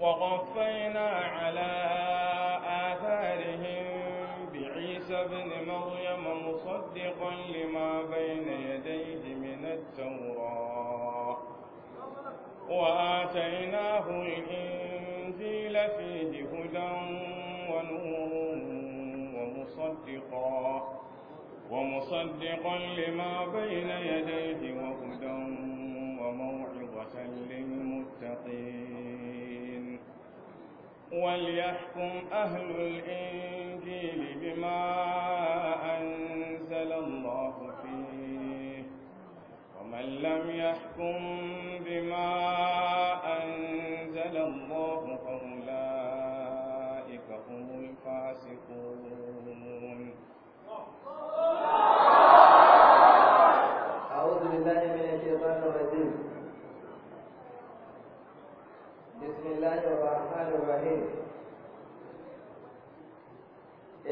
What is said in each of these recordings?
وقفينا على آثارهم بعيسى بن مريم مصدقا لما بين يديه من التوراة وآتيناه الإنجيل فيه هدى ونور ومصدقا ومصدقا لما بين يديه وهدى وموعظة للمتقين وليحكم أهل الإنجيل بما أنزل الله فيه ومن لم يحكم بما أنزل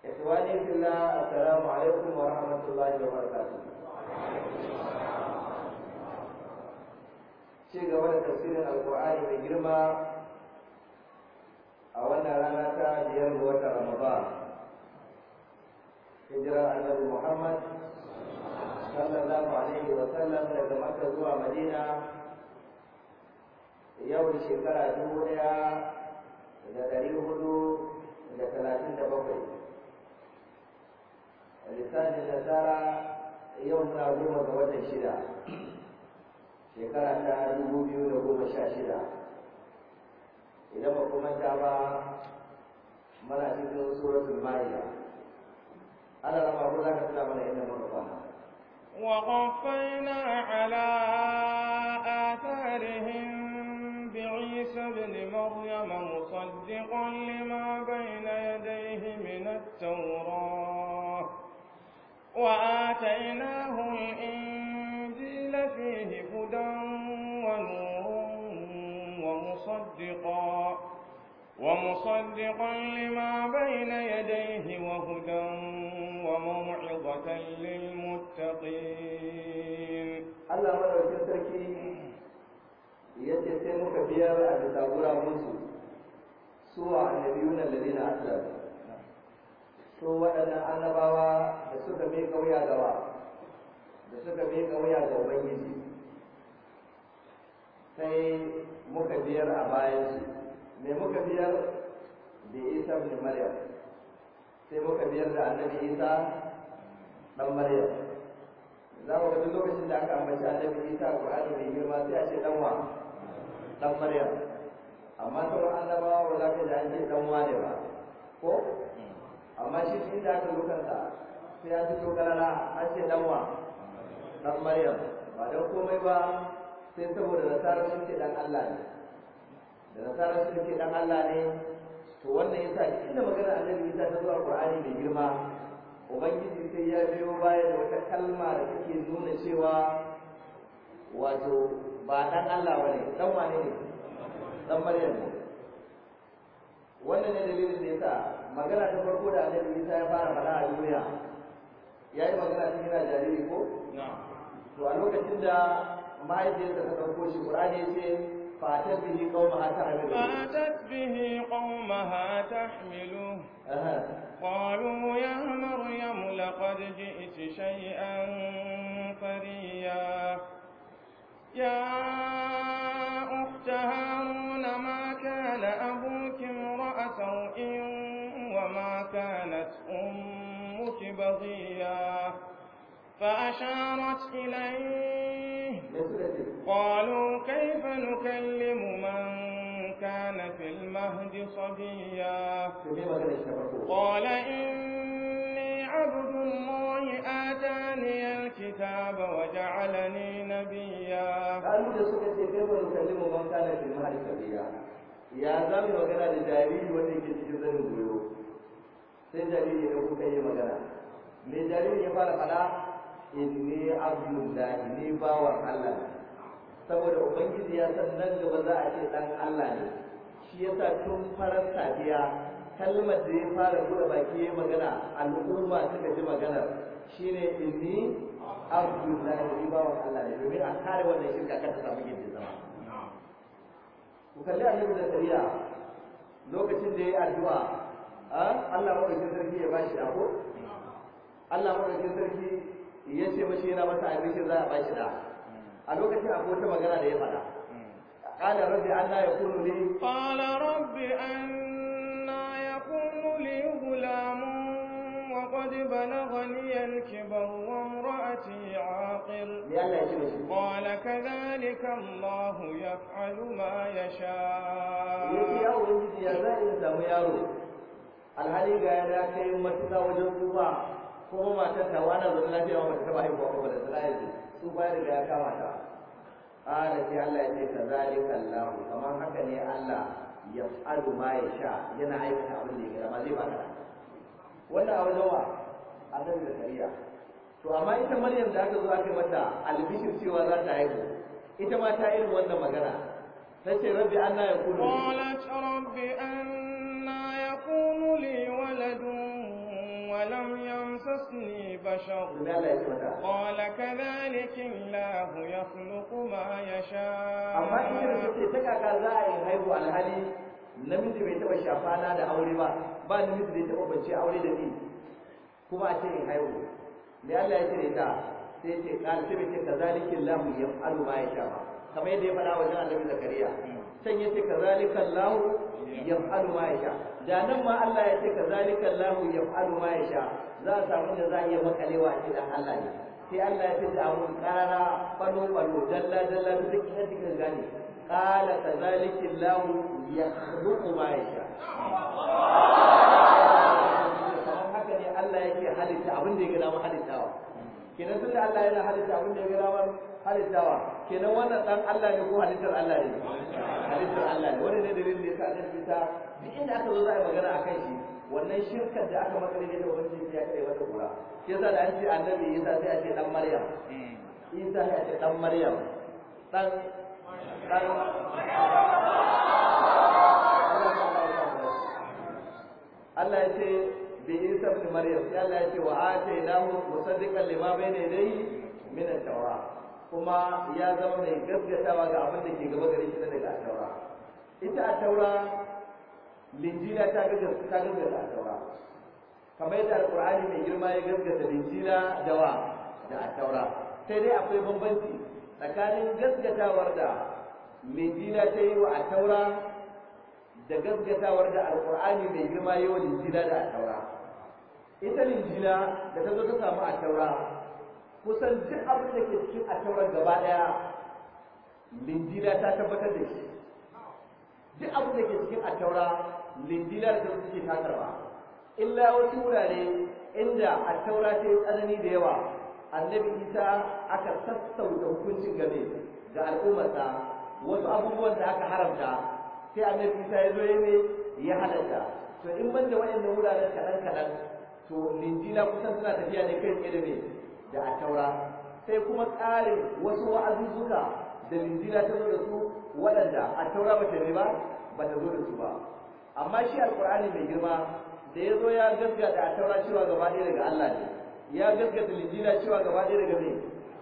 Ikhwani fillah, الله alaikum عليكم ورحمة الله وبركاته ci gaba da tafsirin alkur'ani mai girma a wannan rana ta biyar ga watan ramadan hijira annabi muhammad sallallahu alaihi wa sallam daga makka zuwa madina yau shekara dubu ɗaya da dari hudu da talatin da bakwai lissafin nasara yau na goma ga watan shida shekara ta dubu biyu da goma sha shida idan ba kuma ta ba mana cikin suratul ma'ida ana rama ko za ka tuna mana inda muka kwana وقفينا على آثارهم بعيسى ابن مريم مصدقا لما بين يديه من التوراه وآتيناه الإنجيل فيه هدى ونور ومصدقا ومصدقا لما بين يديه وهدى وموعظة للمتقين الله مرة تركي يتسمك بيار أبي تابورا منسو سوى النبيون الذين أسلموا su waɗannan annabawa da suka miƙa wuya gaba, da suka miƙa wuya ga ubangiji sai muka biyar a bayan shi me muka biyar da isa ne maryam sai muka biyar da annabi isa ɗan maryam za mu ga lokacin da aka ambaci annabi isa a ƙur'ani mai girma sai a ce ɗan wa ɗan maryam amma sauran annabawa ba za ka ji an ce wa ne ba ko amma shi shi da aka lukansa sai ya fito galala an ce danwa ɗan maryam ba don komai ba sai saboda nasarar sun ce ɗan Allah ne da nasarar sun ce ɗan Allah ne to wannan yasa inda magana a Isa ta zuwa a mai girma ubangiji sai ya biyo baya da wata kalma da take nuna cewa wato ba ɗan Allah ne ɗan wane ne ɗan Maryam ne wannan ne dalilin da ya sa. magana ta farko da annabi Isa ya fara faɗa a duniya yayi magana cikin yana jariri ko to a lokacin da mahaifiyarsa ta ɗauko shi Qur'ani ya ce fatat bihi qaumaha tahmiluhu fatat bihi qaumaha tahmiluhu قالوا يا مريم لقد جئت شيئا فريا يا فأشارت إليه قالوا كيف نكلم من كان في المهد صبيا قال إني عبد الله آتاني الكتاب وجعلني نبيا ya za magana da jariri wanda yake cikin zanin goyo sai jariri ne kuka yi magana me jariri ya fara fada inni abdullahi ni bawan Allah ne saboda ubangiji ya san nan gaba za a ce dan Allah ne shi yasa tun farar safiya kalmar da ya fara buɗe baki ya magana al'umma suka ji maganar shine inni abdullahi ni bawan Allah ne domin a kare wannan shirka kada ta samu gidan zama ku kalli annabi zakariya lokacin da ya yi addu'a ah, Allah maɗaukin sarki ya ba bashi ko, Allah maɗaukin sarki ya ce mashi yana masa abincin za a ba shi da a lokacin akwai wata magana da ya faɗa قال رب أن يكون لي قال رب أن يكون لي غلام وقد بلغني الكبر وامرأتي عاقر قال كذلك الله يفعل ما يشاء الحالي قال لك متى وجدت kuma matar ta wani zaune lafiya ma bata taba haihuwa ba da tsalaye su bayar da ya kama ta ala ce Allah ya ce ka zalika kallahu. kamar haka ne Allah ya tsaru ma ya sha yana aikata abin da ya gada ma zai baka wannan abu nawa a nan da kariya to amma ita Maryam da aka zo aka mata albishir cewa za ta haihu ita ma ta irin wannan magana ta ce rabbi anna yakunu qalat rabbi anna yakunu li waladun wa يمسسني بشر قال كذلك الله يخلق ما يشاء amma in da تكا ta kaka za a yi haihu وشافانا دا bai با shafa na da aure ba ba namiji bai taba bace aure da ni kuma a ce in haihu me Allah ya ce ta sai ce kal sai ce kazalika Allah ma kamar yadda ya faɗa wajen Allah ma yasha da nan ma Allah ya ce kazalika Allah fa'alu ma yasha za a samu da za a iya makalewa shi dan Allah ne sai Allah ya fita abun karara falo falo dalla dalla duk ina cikin gane qala kadhalika Allah yakhluqu ma yasha haka ne Allah yake halitta abin da ya gada halittawa kenan da Allah yana halitta abin da ya gada halittawa kenan wannan dan Allah ne ko halittar Allah ne halittar Allah ne wannan ne dalilin da yasa aka fita duk inda aka zo za a yi magana akan shi wannan shirkar da aka maka ne da ubangiji ya kai wata kura shi yasa da an ce annabi Isa sai a ce dan Maryam Isa sai a ce dan Maryam dan dan Allah ya ce bi Isa ibn Maryam sai Allah ya ce wa atainahu musaddiqan lima bayna yadayhi min at-taura kuma ya zama mai gaskatawa ga abin da ke gaba gare shi daga at-taura ita at-taura linjila ta gaggata ta gaggata taura kamar yadda alqur'ani mai girma ya gaggata linjila da wa da taura sai dai akwai bambanci tsakanin gaskatawar da linjila ta yi wa taura da gaskatawar da alqur'ani mai girma ya yi wa linjila da taura ita linjila da ta zo ta samu a taura kusan duk abin da ke cikin a taura gaba daya linjila ta tabbatar da shi duk abin da ke cikin a taura lindilar da suke takarwa illa wasu wurare inda a taura ta yi tsanani da yawa annabi isa aka sassauta hukuncin game ga al'ummarsa wasu abubuwan da aka haramta sai annabi isa ya zo ne ya halatta to in ban da waɗannan wuraren kaɗan kaɗan to lindila kusan suna tafiya ne kai tsaye da me da a taura sai kuma ƙarin wasu wa'azuzzuka da lindila ta zo da su waɗanda a taura ba ta ba ba ta zo da su ba amma shi alkur'ani mai girma da ya zo ya gaskata a taura cewa gaba ɗaya daga Allah ne ya gaskata linjila cewa gaba ɗaya daga ne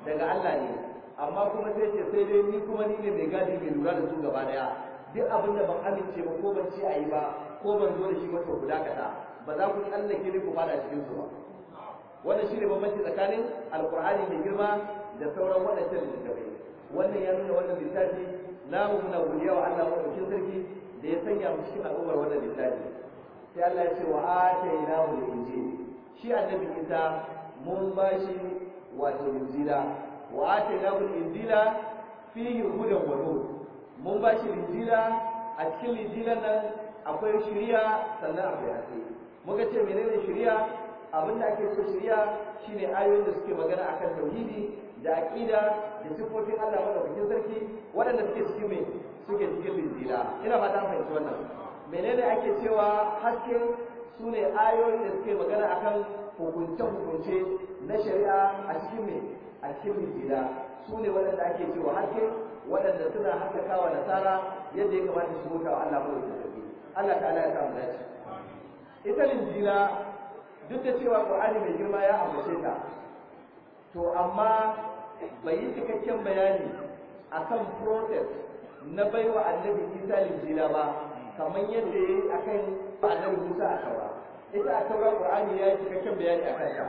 daga Allah ne amma kuma sai ce sai dai ni kuma ni ne mai gadi mai lura da su gaba ɗaya duk abin da ban amince ba ko ban ce a yi ba ko ban zo da shi ba to guda kaza ba za ku tsallake ni ku fada cikin su ba wannan shine bambanci tsakanin alkurani mai girma da sauran waɗancan littattafai wannan ya nuna wannan littafi Na mu na godiya wa Allah wa sarki da ya sanya mu cikin al'ummar wannan littafi sai Allah ya ce wa atainahu al-injil shi annabi Isa mun bashi wato injila wa atainahu al-injila fihi hudan wa nur mun bashi injila a cikin injilan nan akwai shari'a sannan akwai haske muka ce menene shari'a abinda ake so shari'a shine ayoyin da suke magana akan tauhidi da aqida da sifofin Allah madaukakin sarki waɗanda suke cikin mai suke cikin linjila ina ba ta fahimci wannan menene ake cewa haske sune ayoyin da suke magana akan hukunce hukunce na shari'a a cikin mai a cikin Su sune waɗanda ake cewa haske waɗanda suna kawa nasara yadda ya kamata su huta wa Allah madaukakin sarki Allah ta'ala ya samu dace ita linjila duk da cewa Qur'ani mai girma ya ambace ta to amma bai yi cikakken bayani a kan protest na baiwa annabi isa limjila ba kamar yadda ya yi a kan annabi musa a kawa ita a taura qur'ani ya yi cikakken bayani a kanta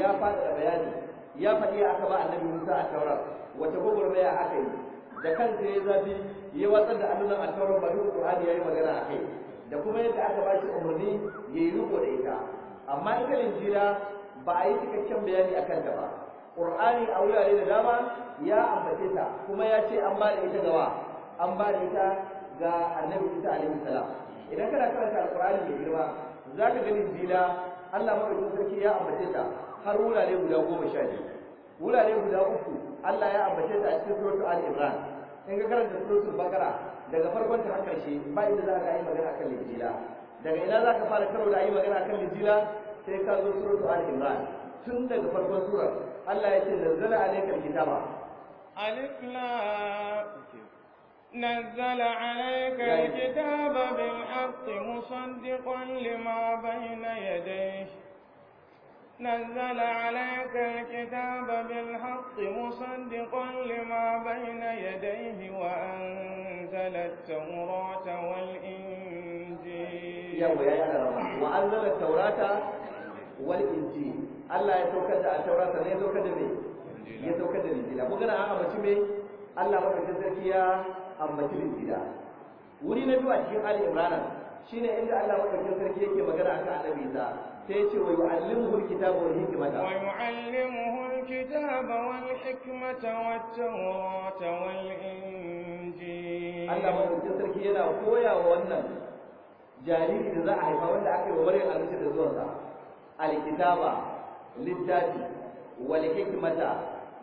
ya faɗaɗa bayani ya faɗi aka ba annabi musa a taura wata gwagwarmaya aka yi da kansa ya zafi ya watsar da annunan a taura bari qur'ani ya yi magana a kai da kuma yadda aka ba shi umarni ya yi riko da ita amma ita linjila ba a yi cikakken bayani a kanta ba Qur'ani a wurare da dama ya ambace ta kuma ya ce an bada ita gawa an ba ita ga Annabi Isa alaihi salam idan kana karanta Al-Qur'ani da girma ka gani Injila Allah madaukakin sarki ya ambace ta har wurare guda goma sha biyu wurare guda uku Allah ya ambace ta a cikin suratul Al-Imran in ka karanta suratul Baqara daga farkon ta har karshe ba inda za ka yi magana kan Injila daga ina za ka fara karo da yi magana kan Injila sai ka zo suratul Al-Imran tun daga farkon surar الله ya عليك nazzala alaikal kitaba alif نزل عليك الكتاب بالحق مصدقا لما بين يديه نزل عليك الكتاب بالحق مصدقا لما بين يديه وأنزل التوراة والإنجيل وأنزل التوراة والإنجيل Allah ya saukar da Taurat sannan ya saukar da me ya saukar da Injila kun gana an ambaci me Allah madaukakin sarki ya ambaci Injila wuri na biyu a cikin Ali Imran shine inda Allah madaukakin sarki yake magana akan Annabi Isa sai ce wa yu'allimuhu alkitaba wal hikmata wa yu'allimuhu kitaba wal hikmata wat tawrata wal injil Allah madaukakin sarki yana koya wa wannan jariri da za a haifa wanda aka yi wa Maryam alaihi da zuwansa alkitaba littafi wal hikmata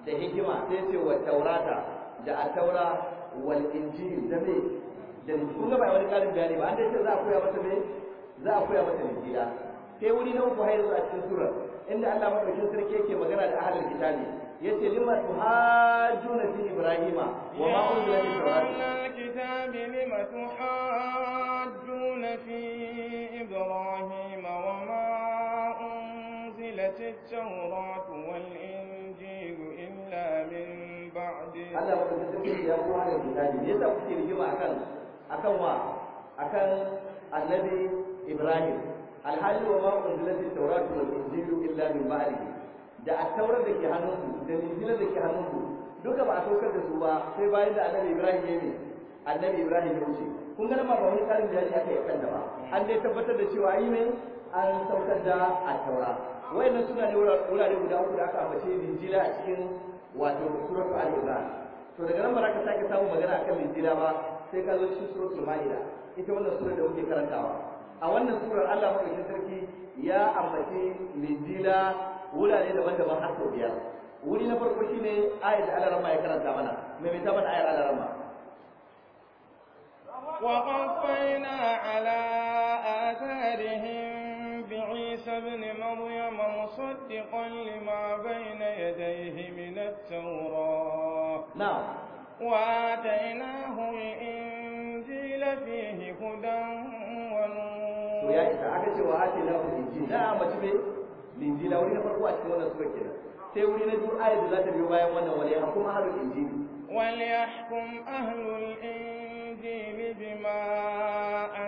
da hikima sai ce wa taurata da ataura wal injil da me da kun ga ba wani karin bayani ba an dai ce za a koya mata me za a koya mata injila sai wuri na uku har a cikin sura inda Allah madaukakin sarki yake magana da ahlul kitabi yace lima tuhajuna fi ibrahima wa ma unzila fi tawrat lima tuhajjuna fi ibrahima التوراة والإنجيل إلا من بعده الله يقول يا قوم هذا الكتاب ليس كثير يجمع أكن أكن أكن النبي إبراهيم الحال وما أنزلت التوراة والإنجيل إلا من بعد da taurar da ke hannunku da injilar da ke hannunku duka ba a saukar da su ba sai bayan da annabi ibrahim ya ne annabi ibrahim ya wuce kun ga ma ba wani karin bayani aka yi kan da ba an dai tabbatar da cewa yi ne an saukar da a taura. wayannan suna ne wurare guda uku da aka ambace linjila a cikin wato surat al-imran to daga nan baraka za ka sake samun magana akan linjila ba sai ka zo cikin suratul ma'ida ita wannan sura da muke karantawa a wannan surar Allah madaukakin sarki ya ambace linjila wurare daban-daban har sau biyar wuri na farko shine ayat da Allah ya karanta mana mai mai tabbata ayat Allah ramma وقفينا على آثارهم بعيسى ابن مريم مصدقا لما بين يديه من التوراة نعم وآتيناه الإنجيل فيه هدى ونور يا إسا أكتش وآتيناه الإنجيل نعم بتبه الإنجيل أولي نفرقوا أشكونا سبكنا سيولي نجور آية ذات اليوبايا وانا وليحكم أهل الإنجيل وليحكم أهل الإنجيل بما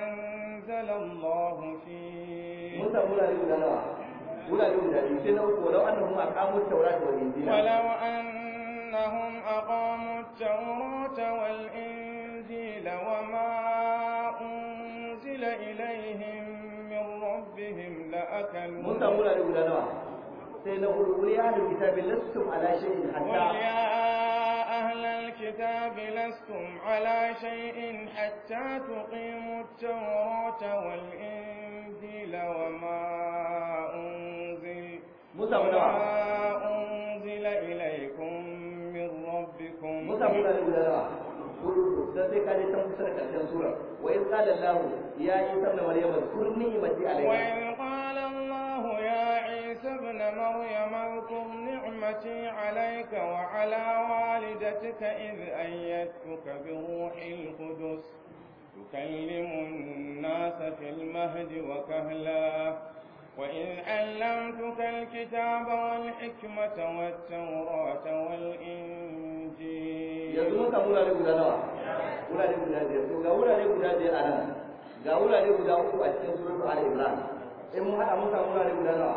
أنزل الله فيه متى أولا لنا ولا يوجد يسين ولو أنهم أقاموا التوراة والإنجيل ولو أنهم أقاموا التوراة والإنجيل وما أنزل إليهم من ربهم لأكلوا من تقول أيوة قل يا أهل الكتاب لستم على شيء حتى قل يا أهل الكتاب لستم على شيء حتى تقيموا التوراة والإنجيل وما Musa nawa unzila ilaykum min rabbikum Musa guda nawa da sai ka je can kusa da karshen wa in qala Allah ya isa ibn maryam kur ni'mati alayka wa in Allah ya wa ala bi تكلم الناس في المهد وكهلا وإذ علمتك الكتاب والحكمة والتوراة والإنجيل yanzu mun samu wurare guda nawa guda biyar to ga wurare guda biyar a nan ga wurare guda uku a cikin suratu al imran in eh, mun haɗa mun samu wurare guda nawa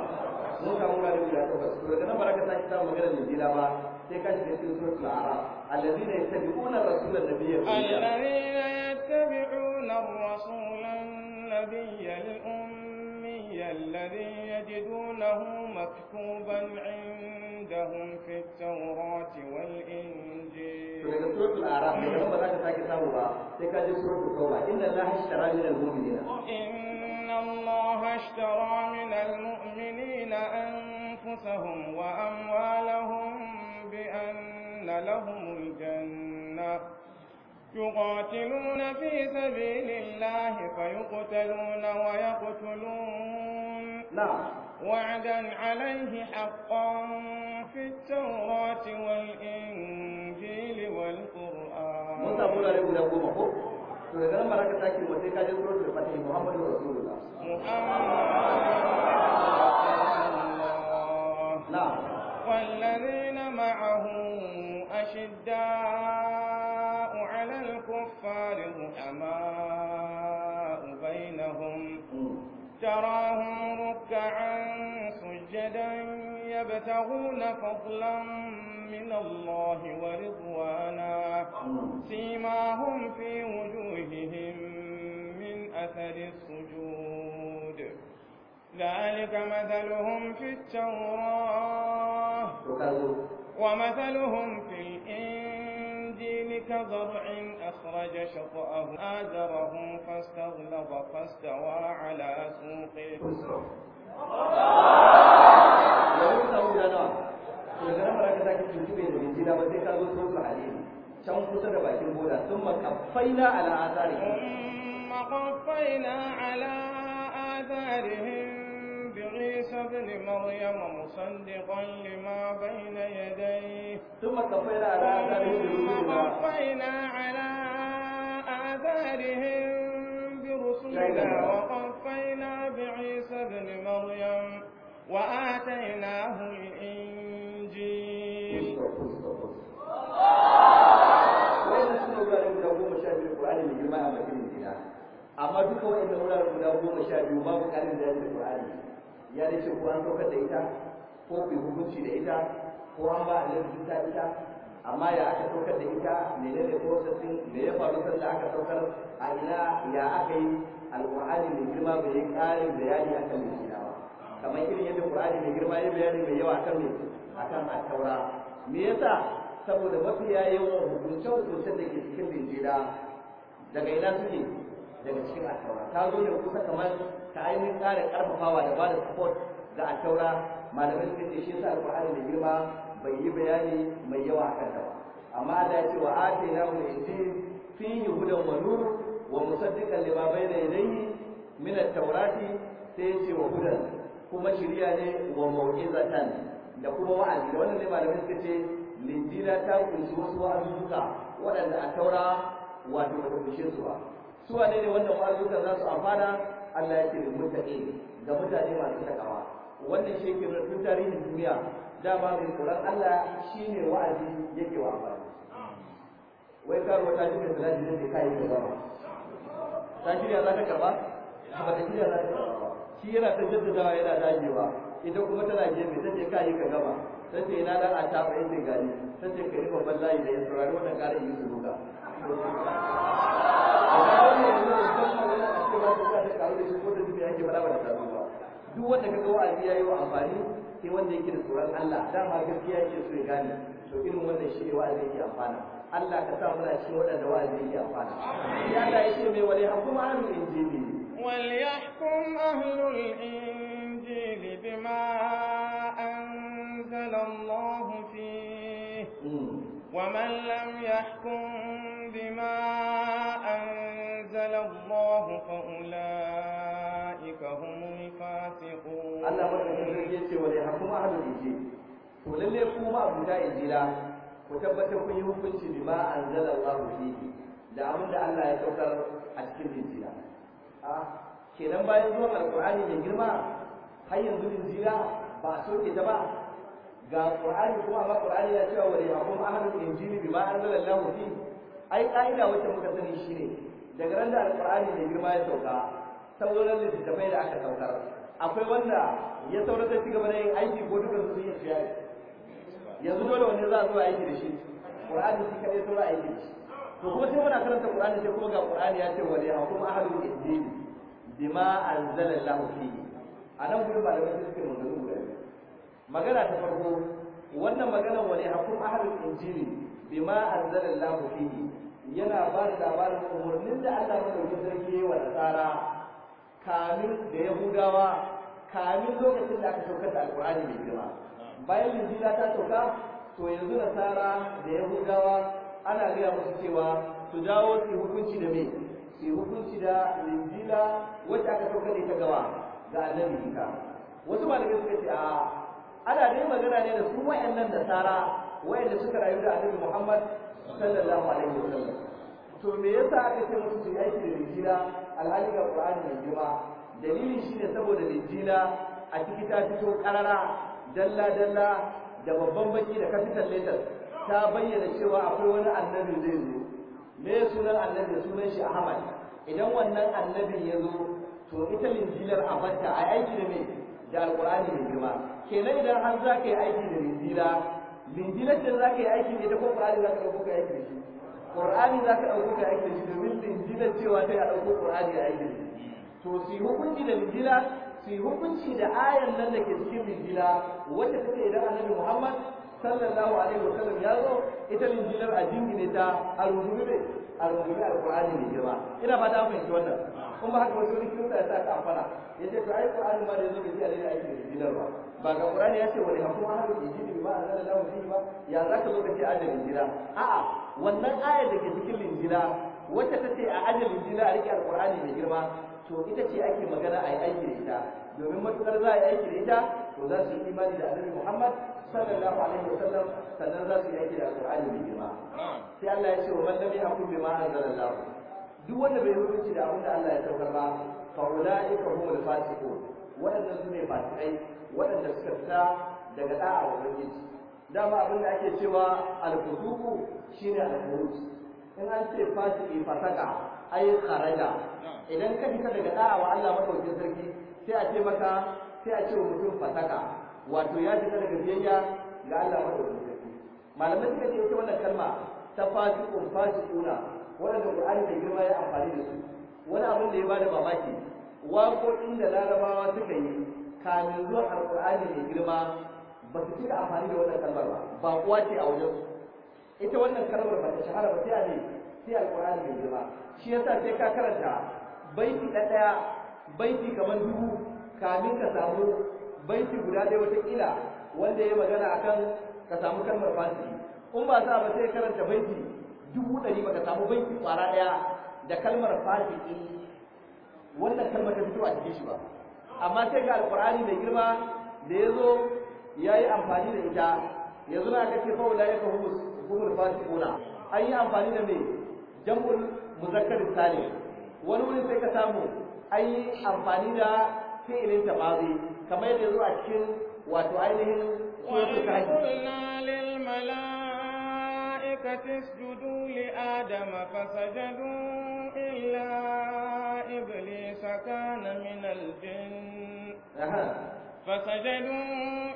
mun samu wurare guda takwas to daga nan ba ka sake samun maganar injila ba sai ka shiga cikin suratu al-araf alladhina yattabi'una rasulan nabiyyan alladhina yattabi'una rasulan nabiyyan الذي يجدونه مكتوبا عندهم في التوراة والإنجيل من سورة الأعراف يوم تكاد سورة إن الله اشترى من المؤمنين إن الله اشترى من المؤمنين أنفسهم وأموالهم بأن لهم الجنة يقاتلون في سبيل الله فيقتلون ويقتلون نعم وعدا عليه حقا في التوراة والإنجيل والقرآن سيدنا محمد رسول الله محمد نعم والذين معه أشداء تراهم ركعا سجدا يبتغون فضلا من الله ورضوانا سيماهم في وجوههم من أثر السجود ذلك مثلهم في التوراة ومثلهم في الإنسان كزرع أخرج شطأه آزره فاستغلظ فاستوى على سوقه can kusa da bakin boda sun makaffaina ala azarihim ثم قفينا على آثارهم عيسى ابن مريم مصدقا لما بين يديه ثم قفينا على آثارهم برسلنا وقفينا بعيسى ابن مريم وآتيناه الإنجيل أما بكم إن da wuraren guda goma sha biyu babu ƙarin da ya da ce ko an saukar da ita ko bai hukunci da ita ko an ba annabi Isa ita amma ya aka saukar da ita menene processing me ya faru sanda aka saukar a ina ya aka yi alqur'ani mai girma bai yi ƙarin bayani akan Injila ba kamar irin yadda qur'ani mai girma ya bayani mai yawa akan a akan at-taura me yasa saboda mafiya yawan hukunce-hukuncen da ke cikin Injila daga ina suke daga cikin at-taura ta zo ne kusa kamar ta ainihin tsarin ƙarfafawa da ba da support ga alkaura malamai suka ce shi yasa alƙur'ani da girma bai yi bayani mai yawa a kanta ba amma da ya ce wa na mu injil yi hudan wa nur wa musaddikan lima da ya min at-taurati sai ya ce wa hudan kuma shirya ne wa zatan da kuma wa'azi da wannan ne malamai suka ce linjila ta kunshi wasu wa'azuka waɗanda a taura wato da kunshi su ba su ne wannan wa'azuka za su amfana Allah ya ce da mutane ga mutane masu takawa wannan shi ke tun tarihin duniya dama mai kuran Allah shi ne wa'azi yake wa amfani wai ta ruwa ta shirya salati ne ka yi gaba ta shirya za ka karba ba ta shirya za ka karba shi yana ta jaddadawa yana dagewa ita kuma tana gefe ta ce ka yi ka gaba ta ce ina dan a tafa yin dingali ta ce ka yi babban layi da ya saurari wannan ƙarin yi su duka. duk wanda ka ga wa'azi yayi wa amfani sai wanda yake da tsoron Allah dama gaskiya yake so ya gane to irin wannan shi ne wa'azi yake amfana Allah ka sa muna cikin waɗanda wa'azi yake amfana ya Allah ya ce mai wani hakuma ahlul injili وليحكم أهل الإنجيل بما أنزل الله فيه ومن لم يحكم بما أنزل الله فأولئك هم Allah madaukakin sarki yace wa la hakuma ahlul injil to lalle ku ma abuta injila ku tabbatar kun yi hukunci bima anzala Allah fihi da abin da Allah ya saukar a cikin injila a kenan bayan zuwan alqur'ani mai girma har yanzu injila ba so ke ta ba ga qur'ani kuma amma qur'ani ya ce wa la hakuma ahlul injil bima anzala Allah fihi ai ka'ida wacce muka sani shine daga ran da alqur'ani mai girma ya sauka sauran littattafai da aka saukar akwai wanda ya saura da shiga bane aiki ko dukkan su yi tsiyari yanzu dole wanda za a zo aiki da shi qur'ani shi kadai saura aiki da shi to kuma sai muna karanta qur'ani sai kuma ga qur'ani ya ce wali ha kuma ahlul injil bima anzalallahu a anan gurin ba da wani suke magana guda magana ta farko wannan maganar wani ha kuma ahlul injil bima anzalallahu fi yana ba da labarin umarnin da Allah ya dauki sarki wa tsara kamin da yahudawa kamin lokacin da aka saukar da alkur'ani mai girma bayan linjila ta sauka to yanzu nasara da yahudawa ana gaya musu cewa su dawo su hukunci da me su hukunci da linjila wacce aka saukar da ita gaba ga annabi isa wasu malamai suka ce a ana dai magana ne da su wayannan nasara wayanda suka rayu da annabi muhammad sallallahu alaihi wasallam to me yasa aka ce musu su yi aiki da injila alhali ga qur'ani mai girma shi shine saboda injila a ciki ta fito karara dalla dalla da babban baki da capital letter ta bayyana cewa akwai wani annabi zai zo me sunan annabi sunan shi ahmad idan wannan annabi ya zo to ita linjilar a banta a aiki da me da alqur'ani mai girma kenan idan har za ka yi aiki da linjila linjilar da za ka yi aiki da ita ko qur'ani za ka yi aiki da shi ƙur'ani za ka ɗauko ka aiki da shi domin linjilar cewa sai a ɗauko ƙur'ani a aiki da shi to su yi hukunci da linjila su yi hukunci da ayan nan da ke cikin linjila wanda take idan annabi muhammad sallallahu alaihi wasallam ya zo ita linjilar a jingine ta a rungumi a rungumi alƙur'ani mai girma ina ba ta fahimci wannan kuma haka wasu wani kirista ya sa ka amfana ya ce to ai ƙur'ani ma da ya zo bai ji a daidai aiki da linjilar ba ba ga Qur'ani ya ce wani hakuma hadu ijibi ba anzala lahu fihi ba ya za ka zo ka ce ajalin jira a'a wannan ayar da ke cikin linjira wacce ta ce a ajalin jira a rike alqur'ani mai girma to ita ce ake magana a yi aiki da ita domin matukar za a yi aiki da ita to za su yi imani da annabi Muhammad sallallahu alaihi sannan za su yi aiki da alqur'ani mai girma sai Allah ya ce wa man lam yahkum bima anzalallahu duk wanda bai hukunci da abin da Allah ya saukar ba fa ulaika humul fasiqun waɗannan su fasikai waɗanda suka fita daga da'a wa ubangiji dama abin da ake cewa al shi shine al in an ce fasiki fasaka ai kharaja idan ka fita daga da'a wa Allah madaukakin sarki sai a ce maka sai a ce wa mutum fasaka wato ya fita daga biyayya ga Allah madaukakin sarki malamai suka ce ita wannan kalma ta fasikun fasikuna wanda Qur'ani da girma ya amfani da su wani abin da ya bada mamaki waƙoƙin da larabawa suka yi kamin zuwa alƙur'ani mai girma ba su cika amfani da wannan kalmar ba ba kuwa ce a wajen ita wannan kalmar ba ta shahara ba sai a ne sai alƙur'ani mai girma shi yasa sai ka karanta baiti na ɗaya baiti kamar dubu kamin ka samu baiti guda ɗaya wataƙila wanda ya magana akan ka samu kalmar fasiki in ba sa ba sai karanta baiti dubu ɗari ba ka samu baiti ƙwara ɗaya da kalmar fasiki wannan kalmar ta fito a cikin shi ba amma sai ga Alƙur'ani mai girma da ya zo ya yi amfani da ita yanzu na kace fa ulai ka humus humul fasiquna an yi amfani da me jam'ul muzakkar Sani. wani wurin sai ka samu an yi amfani da fi'ilin tabazi kamar yadda zo a cikin wato ainihin suratul kahf الملائكة اسجدوا لآدم فسجدوا إلا إبليس كان من الجن فسجدوا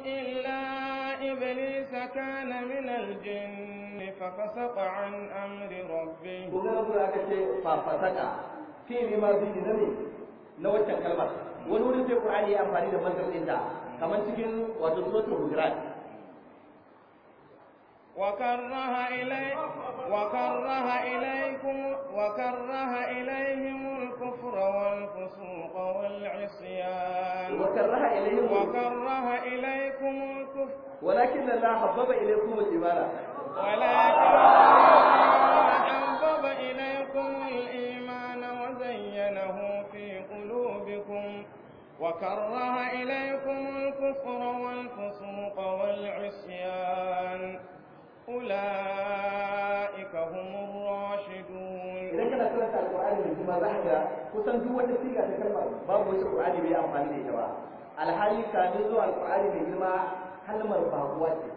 إلا إبليس كان من الجن ففسق عن أمر ربه ففسق في بما في ذنبه لو كلمة ولو نتقل عليه أمفاني لمنزل إلا كمان تكين وتسوط الهجرات وكره إلي وكره إليكم وكره إليهم الكفر والفسوق والعصيان وكره إليهم وكره إليكم الكفر ولكن الله حبب إليكم الإيمان ولكن الله حبب إليكم الإيمان وزينه في قلوبكم وكره إليكم الكفر والفسوق والعصيان Ula'ika humur rashidun. Idan kana kana ta da ne kuma za ka kusan duk wata siga ta kalma, babu wata Qur'ani mai amfani da ita ba. Alhali ka ji zuwa Qur'ani mai girma kalmar faguwa ce.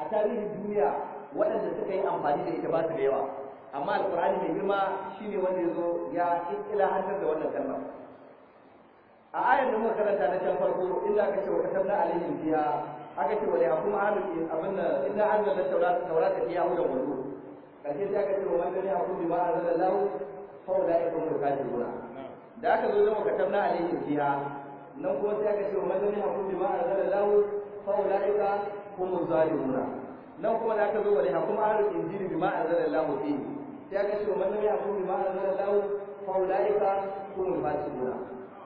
A tarihin duniya waɗanda suka yi amfani da ita ba su da yawa. Amma Al-Qur'ani mai girma shine wanda ya zo ya ƙilahantar da wannan kalmar. A ayar da muka karanta na can farko, inda aka ce wa ka tabna alayhim aka ce wani hakuma ahlul abin da inda an tawrata taurata fiha hudan da nur ƙarshe sai aka ce wa man lam yakum bima anzalallahu fa ulaika hum kafiruna da aka zo zama na alaikin jiya. nan kuma sai aka ce wa a lam yakum bima anzalallahu fa kuma hum wura nan kuma da aka zo wani hakuma ahlul a bima lau fi sai aka ce wa man lam yakum bima anzalallahu fa kuma hum wura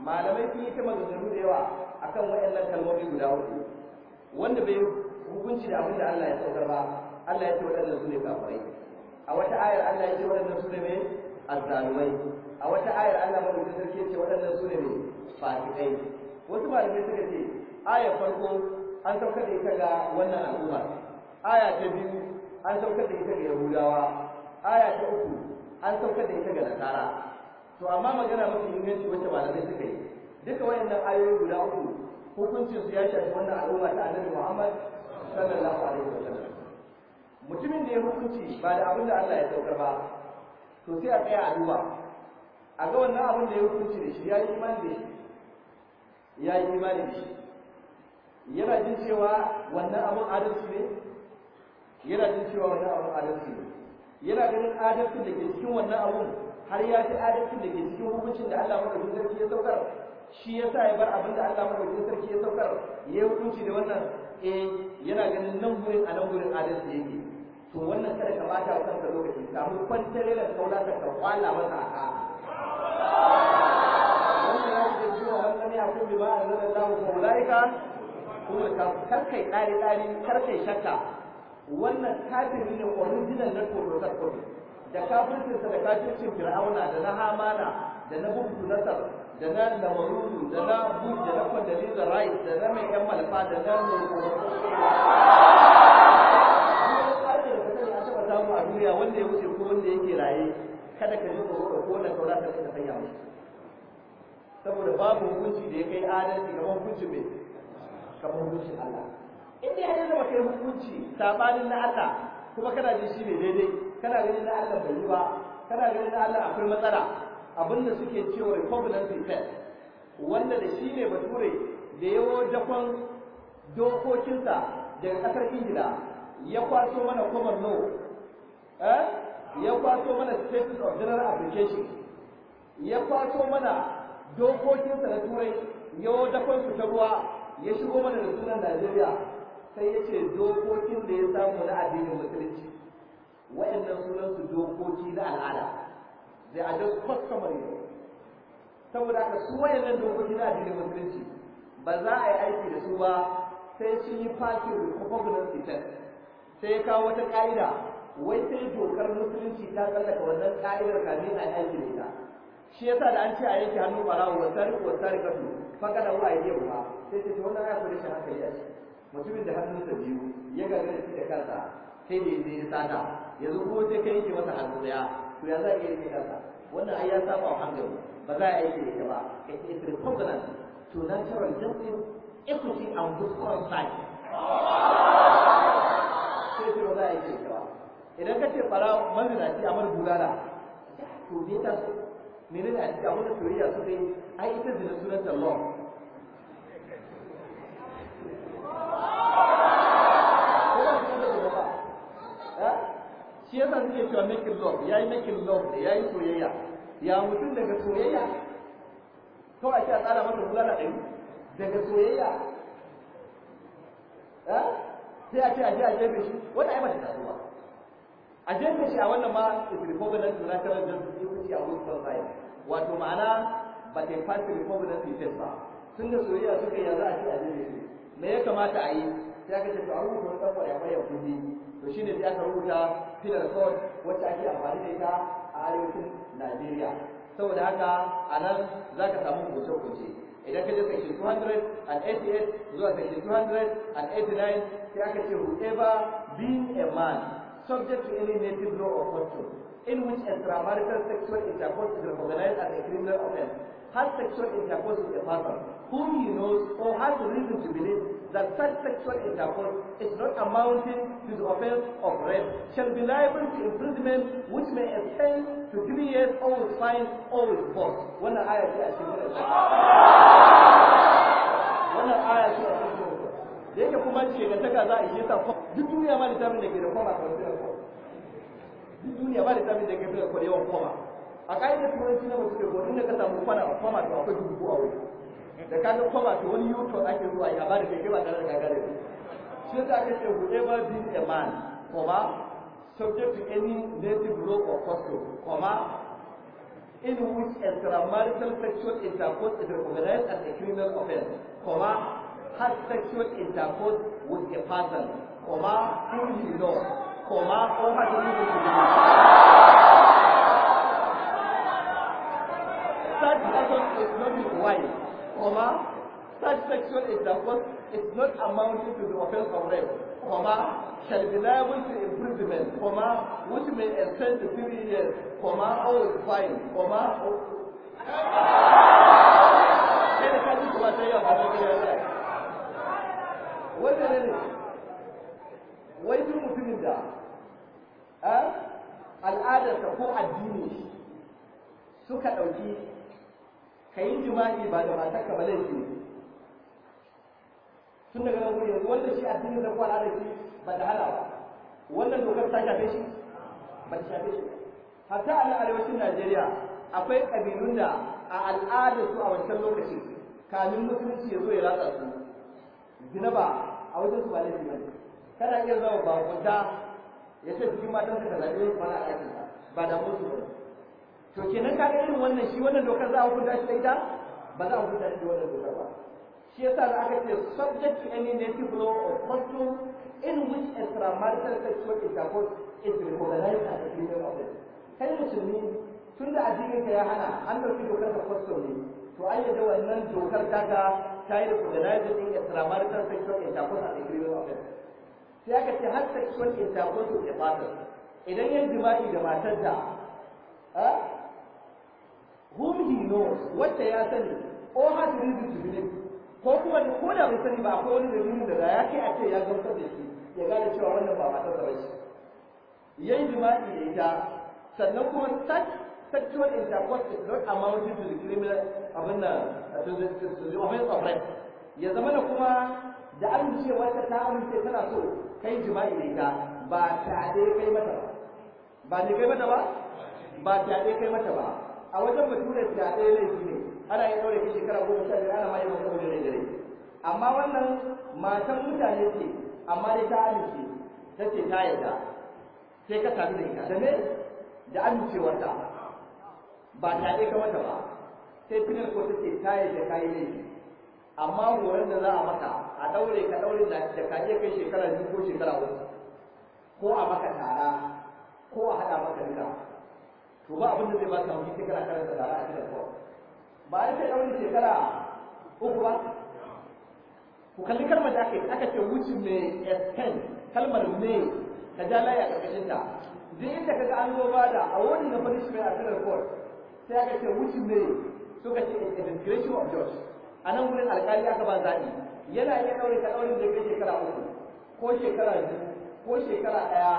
malamai sun yi ta maganganu da yawa akan waɗannan kalmomi guda hudu wanda bai hukunci da abin da Allah ya saukar ba Allah ya ce waɗannan su ne kafirai a wata ayar Allah ya ce waɗannan su ne azzalumai a wata ayar Allah ba mutum sarki ya ce waɗannan su ne fasikai wasu malamai suka ce ayar farko an saukar da ita ga wannan al'umma aya ta biyu an saukar da ita ga yahudawa aya ta uku an saukar da ita ga nasara to amma magana mafi inganci wacce malamai suka yi duka wayannan ayoyi guda uku hukuncin su ya shafi wannan al'umma ta annabi Muhammad sallallahu alaihi wasallam mutumin da ya hukunci ba da abin da Allah ya saukar ba to sai a tsaya a duba a ga wannan abin da ya hukunci da shi ya yi imani da shi ya yi imani da shi yana jin cewa wannan abin adalci ne yana jin cewa wannan abin adalci ne yana ganin adalcin da ke cikin wannan abun har ya fi adalcin da ke cikin hukuncin da Allah madaukakin sarki ya saukar shi ya sa ya bar abin da Allah madaukakin sarki ya saukar ya yi hukunci da wannan eh yana ganin nan gurin a nan gurin adalci yake to wannan kada ka bata wa kanka lokaci samu kwantare da kaula ka kwala masa a wannan ya ce wa wannan ya kun ba a zama zamu ko malaika kuma ka karkai dari dari karkai shakka wannan kafiri ne original na protocol da kafircinsa da kafircin fir'auna da na hamana da na bubu nasar da na Lamarudu, da na bud da na kwandaliza rice da na mai yan malfa da na samu a duniya wanda ya wuce ko wanda yake raye kada ka ji tsoro ko na kaura ka kai sanya mu saboda babu hukunci da ya kai adalci kamar hukunci mai kamar hukunci Allah in dai har zama kai hukunci sabanin na Allah kuma kana jin shi ne daidai kana ganin na Allah bai yi ba kana ganin na Allah akwai matsala Abin da suke cewa Republican effect wanda da shi ne bature da yawo dakon dokokinsa daga kasar ingila ya kwaso mana common law eh? ya kwaso mana status of general application ya kwaso mana dokokinsa na turai yawo dakon su ta ruwa ya shigo mana da sunan najeriya sai ya ce dokokin da ya samu na addinin musulunci waɗannan sunansu dokoki na al'ada they are just customary saboda haka su nan dokoki na addinin musulunci ba za a yi aiki da su ba sai sun yi fakin recognizance test sai ya kawo wata ka'ida wai sai dokar musulunci ta tsallaka wannan ka'idar kamin a yi da ita shi yasa da an ce a yake hannu barawo wa tariq wa tariqatu faka da wa yau ba sai ce wannan ya kula shi hankali a mutumin da hannunsa biyu ya gagara shi da kansa sai da ya tsada, yanzu ko sai kai ke masa hannu daya to ya za a iya yin kansa wannan ai ya saba wa hankali ba za a yi da ita ba ne is repugnant to na natural justice equity and good conscience sai ba za a yi da ita ba idan ka ce bara mazinaci a mara gudana, to ne ta so menene a cikin abin su soyayya a yi ai ita zina sunan law shi yasa suke cewa make love yayi make love ne yayi soyayya ya mutum daga soyayya to a ce a tsara masa da ɗari daga soyayya eh? sai a ce a je a jefe shi wannan ai mace tasowa a jefe shi a wannan ma is recognized natural justice equity a wurin society wato ma'ana ba ta yi fasi recognized test ba tun da soyayya suka yi za a ce a jefe shi me ya kamata a yi sai aka ce to a rubuta wani ɗan ƙwarya mai kuɗi to shine sai aka rubuta filar code wacce ake amfani da ita a arewacin Najeriya saboda haka a nan za ka samu kuce-kuce idan ka je section 288 zuwa section 289 sai aka ce whoever being a man subject to any native law or custom in which extramarital sexual intercourse is recognized as a criminal offense has sexual intercourse with a person whom he knows or has reason to believe that such sexual intercourse is not amounting to the offense of rape shall be liable to imprisonment which may extend to three years or with fine or with both. Wannan aya ce a cikin Wannan aya ce a cikin Da yake kuma ce ga taka za a yi sa ko duk duniya ma littafin da ke da koma kawai da koma. Duk duniya ba littafin da ke da koma yawan koma. A ƙa'idar turanci na mutum da godin da ka samu kwana a koma da akwai dubu a wuri. da kaga kwaba to wani yuto ake zuwa ya ba da keke ba tare da gagare ba shi da aka ce whoever be a man kuma subject to any native law or custom kuma in which extramarital sexual intercourse is recognized as a criminal offense kuma has sexual intercourse with a person kuma who he law kuma or has a such person is not his wife comma, such sexual intercourse is not amounting to the offense of rape, comma, shall be liable to imprisonment, comma, which may extend to three years, comma, or is fine, comma, or... a ne ne, wai duk mutumin da al'adarsa ko addini suka ɗauki ka yi jima'i ba da ka ba laifi ne tun daga nan gudu yanzu wanda shi addinin da kwana da shi ba da halawa wannan dokar ta shafe shi ba ta shafe shi hatta a nan arewacin najeriya akwai ƙabilun da a al'adar su a wancan lokaci kamin musulunci ya zo ya ratsa su zina ba a wajen su ba laifi ba ne kana iya zama bakunta ya ce cikin matan ka da zaɓe kwana a ɗakin ba da musu ba to kenan ka ga irin wannan shi wannan dokar za a hukunta shi da ita ba za a hukunta shi da wannan dokar ba shi yasa da aka ce subject to any native law or custom in which extramarital sexual intercourse is recognized as a criminal offense kai musulmi tun da addinin ka ya hana an dauki dokar ka custom ne to ai yadda wannan dokar ta ga ta yi recognized in extramarital sexual intercourse as a criminal offense sai aka ce har sexual intercourse with a partner idan yin jima'i da matar da ah, whom he knows wacce ya sani or has reason to believe ko kuma da ko bai sani ba akwai wani dalilin da ya kai a ce ya gamsar da shi ya gane cewa wannan ba matar da shi. yayi jima'i da ita sannan kuma such sexual intercourse is not amounting to the criminal abin nan uh, to the to offense of rape ya zama da kuma da amincewa ta ta amince tana so kai jima'i da ita ba tade kai mata ba ba ne kai mata ba ba tade kai mata ba a wajen bature da ɗaya laifi ne ana yin ɗaure ki shekara goma sha biyar ana ma yin wasu ɗaure dare amma wannan matan mutane ce amma dai ta amince ta ce ta yarda sai ka sami da ita da me da amincewarta ba ta ɗaya mata ba sai finar ko ta ce ta yarda ka yi laifi amma horon da za a mata, a ɗaure ka ɗaure da ka iya kai shekara biyu ko shekara uku ko a maka tara ko a haɗa maka nuna to ba abin da zai ba hauri wuce shekara karanta da a cikin ko ba ai sai wani shekara uku ba ku kalli kalmar da aka aka ce wuce me extend kalmar me ka ja layi a karkashin ta duk inda kaga an zo da a wani na shi a cikin ko sai aka ce wuce me suka ce integration of judge a nan wurin alƙali aka ba zaɓi yana iya ɗaure ka ɗaurin da ya shekara uku ko shekara biyu ko shekara ɗaya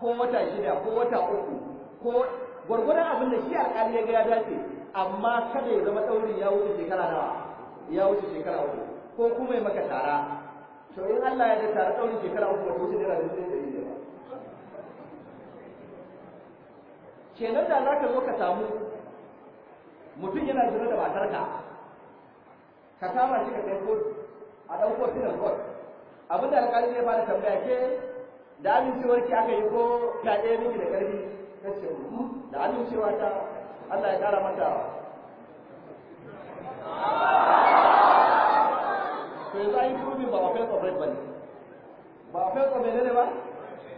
ko wata shida ko wata uku ko gwargwadon abin da shi alƙali ya ga ya dace amma kada ya zama ɗaurin ya wuce shekara nawa ya wuce shekara uku ko kuma ya maka tara to in Allah ya da tara ɗaurin shekara uku ba ko wuce da dubu ɗari ne ba kenan da za ka zo ka samu mutum yana jira da matarka ka kama shi ka kai kotu a ɗan kotu da kotu abin da alƙali zai fara tambaya ke da amincewarki aka yi ko fyaɗe miki da ƙarfi ta ce da amincewa ta Allah ya ƙara mata to yanzu an yi turbin ba a mafi tsabai ba ne ba a mafi mai ne ba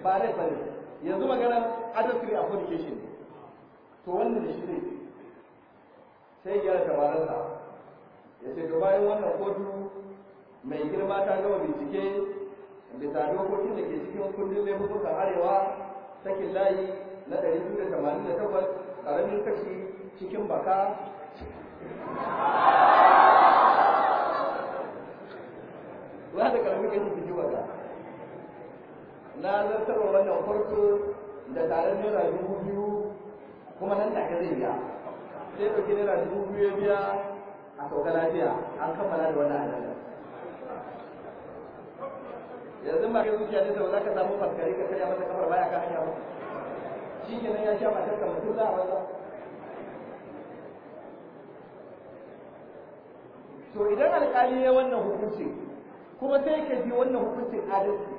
ba red ba ne yanzu maganar adultery application to wanda da shi ne sai gyara tabararsa ya ce to bayan wannan kotu mai girma ta gama bincike bisa dokokin da ke cikin kundin laifukan arewa sakin layi na ɗari biyu da tamanin da takwas ƙaramin kashi cikin baka za da ƙaramin kashi cikin baka na zartarwa wannan farko da tare naira dubu biyu kuma nan take zai biya sai ɗauki naira dubu biyu ya biya a sauka lafiya an kammala da wannan al'adar yanzu ma kai zuciya ne saboda ka samu faskari ka karya mata kafar baya ka hanya ba shi ke nan ya sha matar mutum za a wata to idan alƙali ya wannan hukunci kuma sai ka ji wannan hukuncin adalci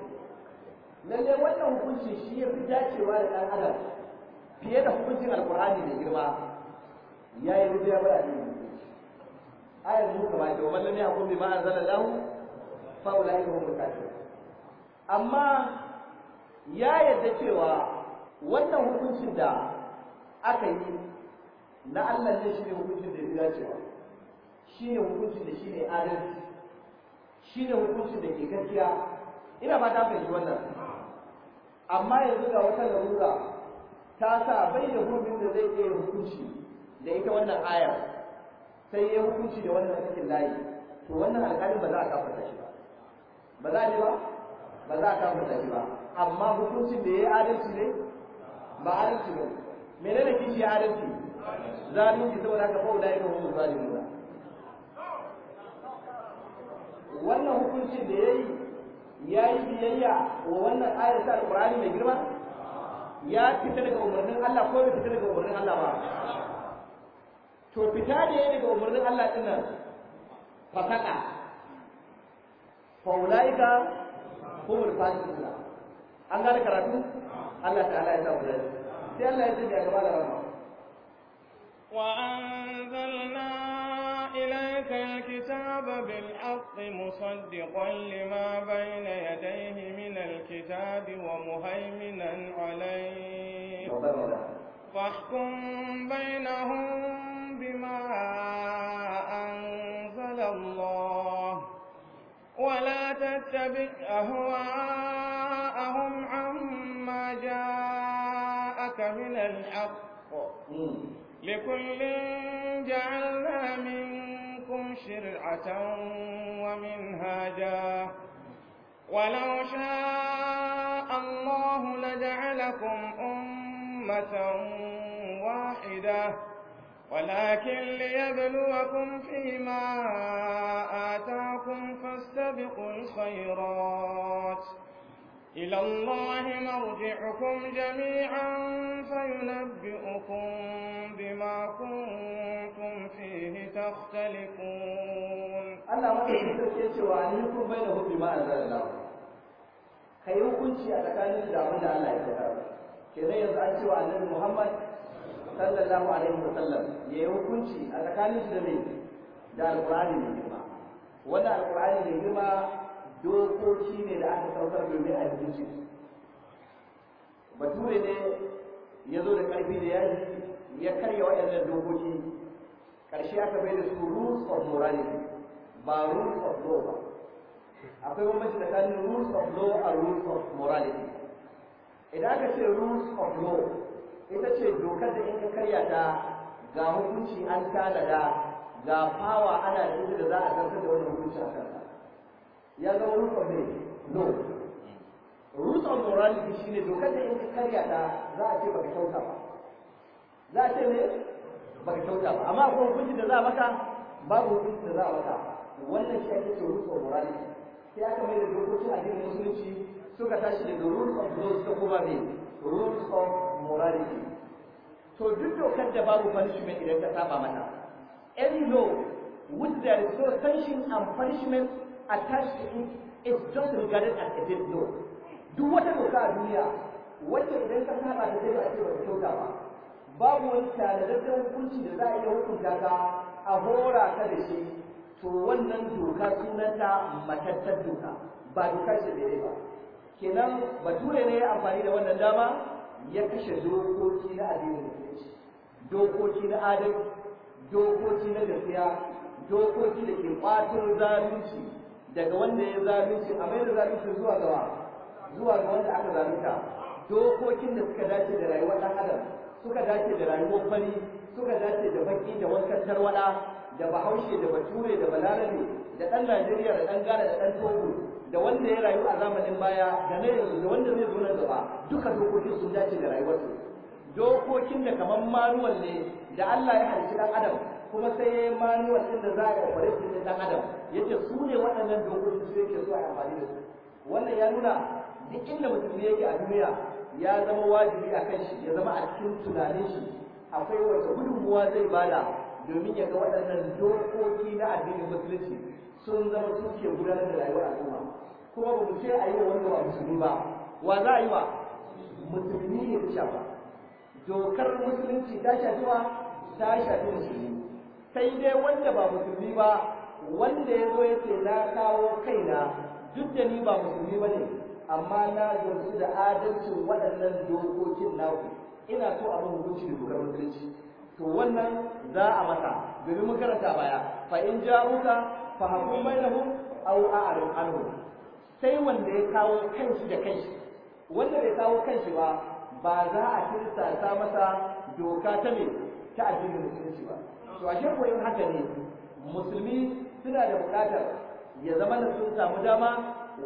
lalle wannan hukuncin shi ya fi dacewa da ɗan adam fiye da hukuncin alƙur'ani da girma ya yi rubiya ba a cikin ayar zuwa kuma ya wannan ne akwai ma anzala lahu fa ulai hum kafirun amma ya yadda cewa wannan hukuncin da aka yi na Allah ne shi ne hukuncin da ya wa shi ne hukuncin da shi ne adalci shi ne hukuncin da ke gaskiya ina ba ta fahimci wannan amma yanzu ga wata larura ta sa bai da hukumin da zai iya hukunci da ita wannan aya sai ya hukunci da wannan cikin layi to wannan alƙalin ba za a kafarta shi ba ba za a ba ba za a kafarta shi ba amma hukuncin da ya yi adalci ne ba adalci ba menene kishi adalci zalunci saboda haka ko da yake hukumar ba? wannan hukuncin da yayi yayi biyayya wa wannan ayar ta alqur'ani mai girma ya fita daga umarnin Allah ko bai fita daga umarnin Allah ba to fita da yayi daga umarnin Allah din nan fasaka fa ulaika humul fasiqun an ذلك karatu Allah ta'ala ya samu dai sai Allah ya tafi a وأنزلنا إليك الكتاب بالحق مصدقا لما بين يديه من الكتاب ومهيمنا عليه فاحكم بينهم بما أنزل الله ولا تتبع أهواءهم وأعرضهم عما جاءك من الحق لكل جعلنا منكم شرعة ومنهاجا ولو شاء الله لجعلكم أمة واحدة ولكن ليبلوكم فيما آتاكم فاستبقوا الخيرات إلى الله مرجعكم جميعا فينبئكم بما كنتم فيه تختلفون أنا ما كنت سوى أن بينه بما أنزل الله kai hukunci a tsakanin da abin da Allah ya yanzu an cewa annabi Muhammad sallallahu alaihi wasallam ya yi hukunci a tsakanin da mai da girma girma dokoki ne da aka saukar domin a rikice bature ne ya zo da ƙarfi da yaji ya karya waɗannan dokoki ƙarshe aka bai da su rules of morality ba rules of law ba akwai bambanci tsakanin rules of law a rules of morality idan aka ce rules of law ita ce dokar da in ka karya ta ga hukunci an tanada ga fawa ana da da za a zartar da wani hukunci a kansa ya zama rufin mai no rutsan morality shi ne dokar da in ka karya ta za a ce baka kyauta ba za a ce ne baka kyauta ba amma akwai hukunci da za a maka babu hukunci da za a maka wannan shi ake ce rutsan morality sai aka mai da dokokin addinin musulunci suka tashi daga rules of law suka koma mai rules of morality to duk dokar da babu punishment idan ka saba mata any law which there so no sanction and punishment attached to it is just regarded as a dead note. duk wata doka a duniya wacce idan ka saba da zai ba ce ba kyauta ba babu wani tanadadden hukunci da za a iya hukunta ka a hora ka da shi to wannan doka sunanta matattar doka ba doka shi da ba kenan bature ne ya amfani da wannan dama ya kashe dokoki na addinin musulunci dokoki na adalci dokoki na gaskiya dokoki da ke ƙwato zalunci daga wanda ya shi, a mai da shi zuwa gawa zuwa ga wanda aka ta dokokin da suka dace da rayuwar ɗan adam suka dace da rayuwar fari suka dace da baki da wankan wada, da bahaushe da bature da balarabe da ɗan najeriya da ɗan ghana da ɗan togo da wanda ya rayu a zamanin baya da na yanzu da wanda zai zo nan gaba duka dokokin sun dace da rayuwarsu dokokin da kamar maruwan ne da Allah ya halicci ɗan adam kuma sai ya yi manuwar ɗin da za a yi operate ɗin ɗan adam ya ce su ne waɗannan dokoki su yake so a amfani da su wannan ya nuna duk inda musulmi yake a duniya ya zama wajibi a kan shi ya zama a cikin tunanin shi akwai wata gudunmuwa zai bada domin ya ga waɗannan dokoki na addinin musulunci sun zama su ke gudanar da rayuwar al'umma kuma ba mu ce a yi wa wanda ba musulmi ba wa za a yi wa musulmi ne ta shafa dokar musulunci ta shafi wa ta shafi musulmi sai dai wanda ba musulmi ba wanda ya zo ya ce na kawo kaina duk da ni ba musulmi ba ne amma na gamsu da adalcin waɗannan dokokin naku ina so a bin hukunci da dokar musulunci to wannan za a masa domin mun karanta baya fa in ja'uka fa hakum bainahum aw a'rid anhum sai wanda ya kawo kanshi da kai, wanda bai kawo kanshi ba ba za a kirsa masa doka ta me ta addinin musulunci ba to ashe koyon haka ne musulmi suna da buƙatar ya zama da sun samu dama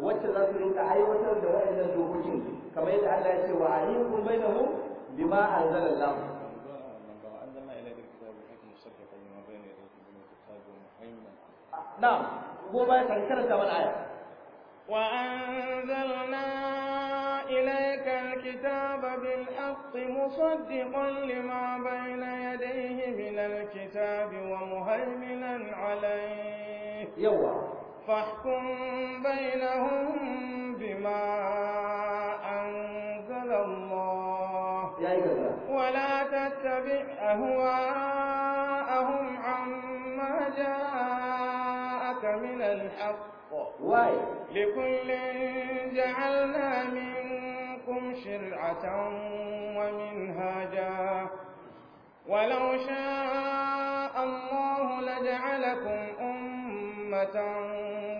wacce za su rinka aiwatar da waɗannan dokokin kamar yadda Allah ya ce wa alikum bainahum bima anzalallahu نعم هو ما يتذكر كمان آية وأنزلنا إليه مصدقا لما بين يديه من الكتاب ومهيمنا عليه يوا فاحكم بينهم بما أنزل الله ولا تتبع أهواءهم عما جاءك من الحق لكل جعلنا من منكم شرعة ومنهاجا ولو شاء الله لجعلكم أمة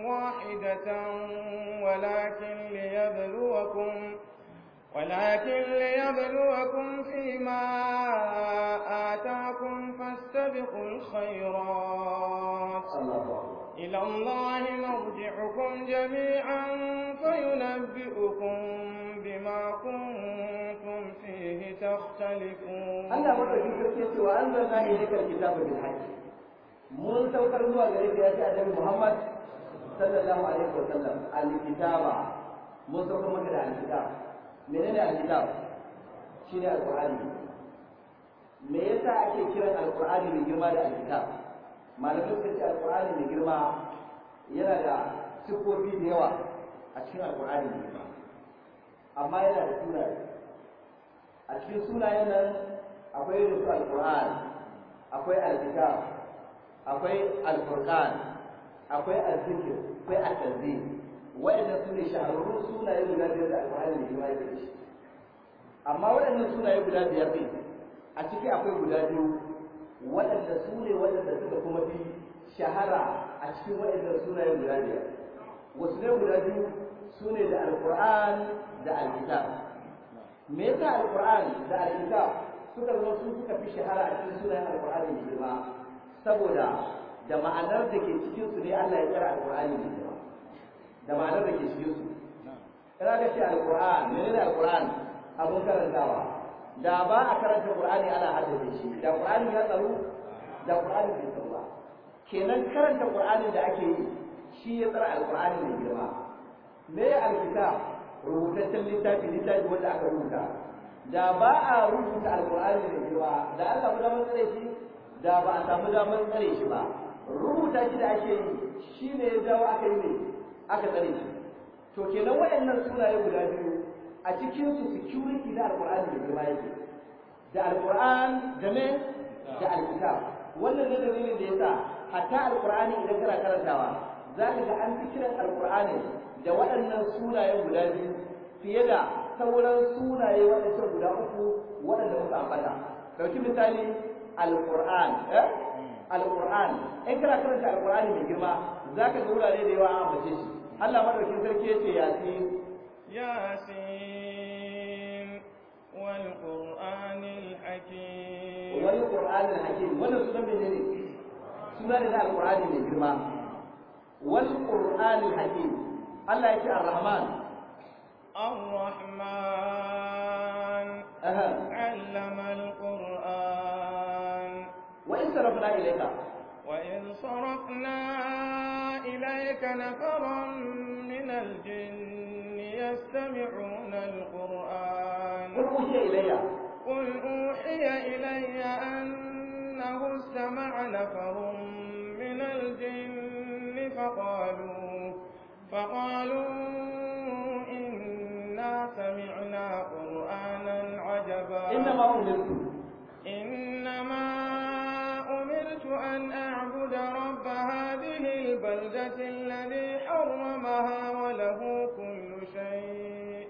واحدة ولكن ليبلوكم ولكن ليبلوكم فيما آتاكم فاستبقوا الخيرات إلى الله مرجعكم جميعا فينبئكم بما كنتم فيه تختلفون الله مدوكي سركي سوى أنزلنا إليك الكتاب بالحق من saukar zuwa gare يا ya ce annabi Muhammad sallallahu alaihi wa sallam alkitaba mun saukar maka da alkitab menene alkitab shine alqur'ani me yasa ake kiran alqur'ani mai girma da alkitab malamin sun ce alqur'ani mai girma yana da sifofi da yawa a cikin alqur'ani mai girma amma yana da sunaye a cikin sunayen nan akwai rufu alkur'an akwai alkitab akwai alfurqan akwai azzikr akwai alkazi waɗannan su ne shahararrun sunaye guda biyar da alqur'ani ne ya yi shi amma waɗannan sunaye guda biyar ne a ciki akwai guda biyu waɗanda su ne waɗanda suka kuma fi shahara a cikin waɗannan sunaye guda biyar wasu ne guda biyu su ne da alkur'an da alkitab me yasa alkur'an da alkitab suka zama su suka fi shahara a cikin sunayen alkur'ani mai girma saboda da ma'anar da ke cikin su ne Allah ya tsara alkur'ani mai girma da ma'anar da ke cikin su kana ka ce alkur'an ne alkur'an abun karantawa da ba a karanta qur'ani ana da shi da qur'ani ya tsaro da qur'ani bai tsaro ba kenan karanta qur'anin da ake yi shi ya tsara Alƙur'ani mai girma me alkitab rubutaccen littafi littafi wanda aka rubuta da ba a rubuta Alƙur'ani mai girma da an samu damar tsare shi da ba a samu damar tsare shi ba rubuta shi da ake yi shi ne ya jawo aka yi ne aka tsare shi to kenan waɗannan sunaye guda biyu a cikin su security na Alƙur'ani mai girma yake da alqur'an da ne da alkitab wannan ne dalilin da ya sa hatta Alƙur'ani idan kana karantawa za ka ga an fi kiran alƙur'ani da waɗannan sunayen guda biyu fiye da sauran sunaye waɗancan guda uku waɗanda muka ambata ɗauki misali alƙur'an eh? alƙur'an in kana karanta alƙur'ani mai girma za ka ga wurare da yawa an ambace shi Allah madaukin sarki ya ce yasin yasin wal qur'anil hakim wal qur'anil hakim wannan sunan menene sunan da alƙur'ani mai girma والقران الحكيم الله يكي الرحمن الرحمن أهل. علم القران وان صرفنا اليك وان صرفنا اليك نفرا من الجن يستمعون القران قل اوحي الي قل اوحي الي انه استمع نفر فقالوا إنا سمعنا قرآنا عجبا إنما أمرت إنما أمرت أن أعبد رب هذه البلدة الذي حرمها وله كل شيء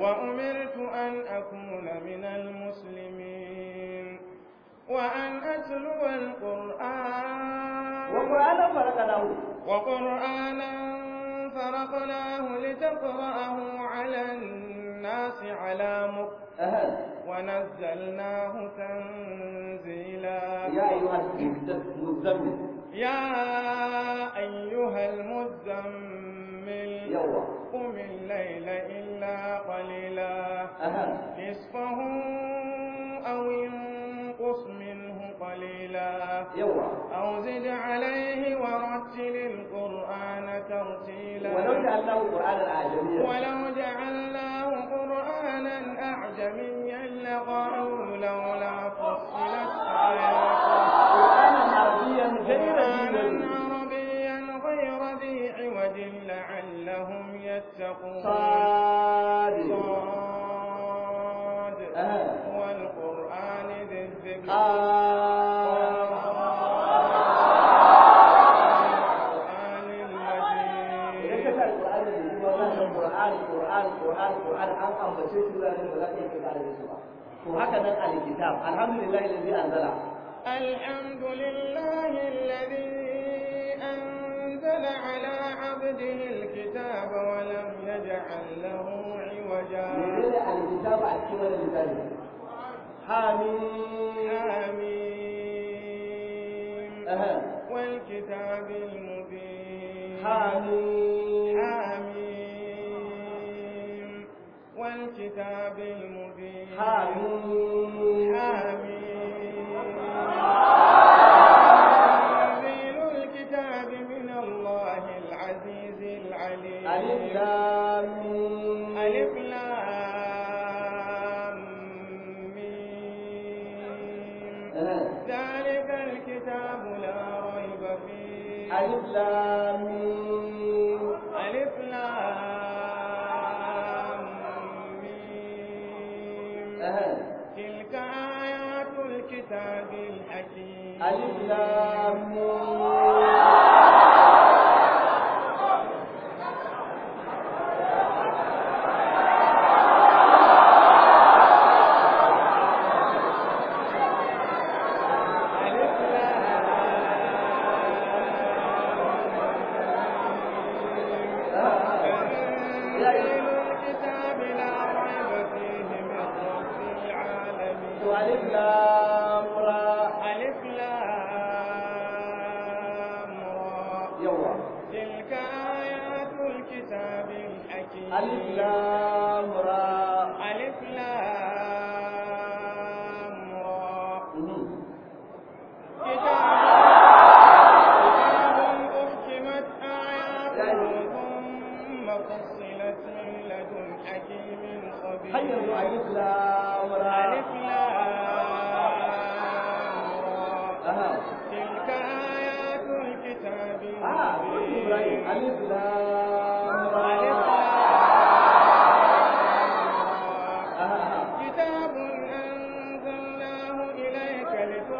وأمرت أن أكون من المسلمين وأن أتلو القرآن وقرآنا فرقناه وقرآنا فرقناه لتقرأه على الناس على مكتب ونزلناه تنزيلا يا أيها المزمل يا أيها المزمل قم الليل إلا قليلا نصفه أو ينزل أو زد عليه ورتل القرآن ترتيلا ولو جعلناه قرآنا أعجميا ولو جعلناه قرآنا أعجميا لقالوا لولا فصلت آياته قرآنا عربيا قرآنا عربيا غير ذي عوج لعلهم يتقون صاد صاد والقرآن ذي الذكر آه. وهكذا الكتاب الحمد لله الذي أنزل الحمد لله الذي أنزل على عبده الكتاب ولم يجعل له عوجا الكتاب أكبر لذلك حميم حميم والكتاب المبين حميم حميم والكتاب المبين حامين حامين الكتاب من الله العزيز العليم ألف لام ألف لام ذلك الكتاب لا ريب فيه ألف لام الله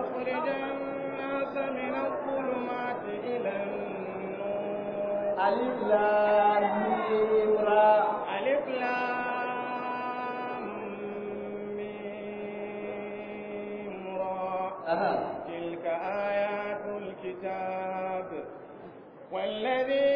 لتخرج الناس من الظلمات إلى النور ألف لام را تلك آيات الكتاب والذي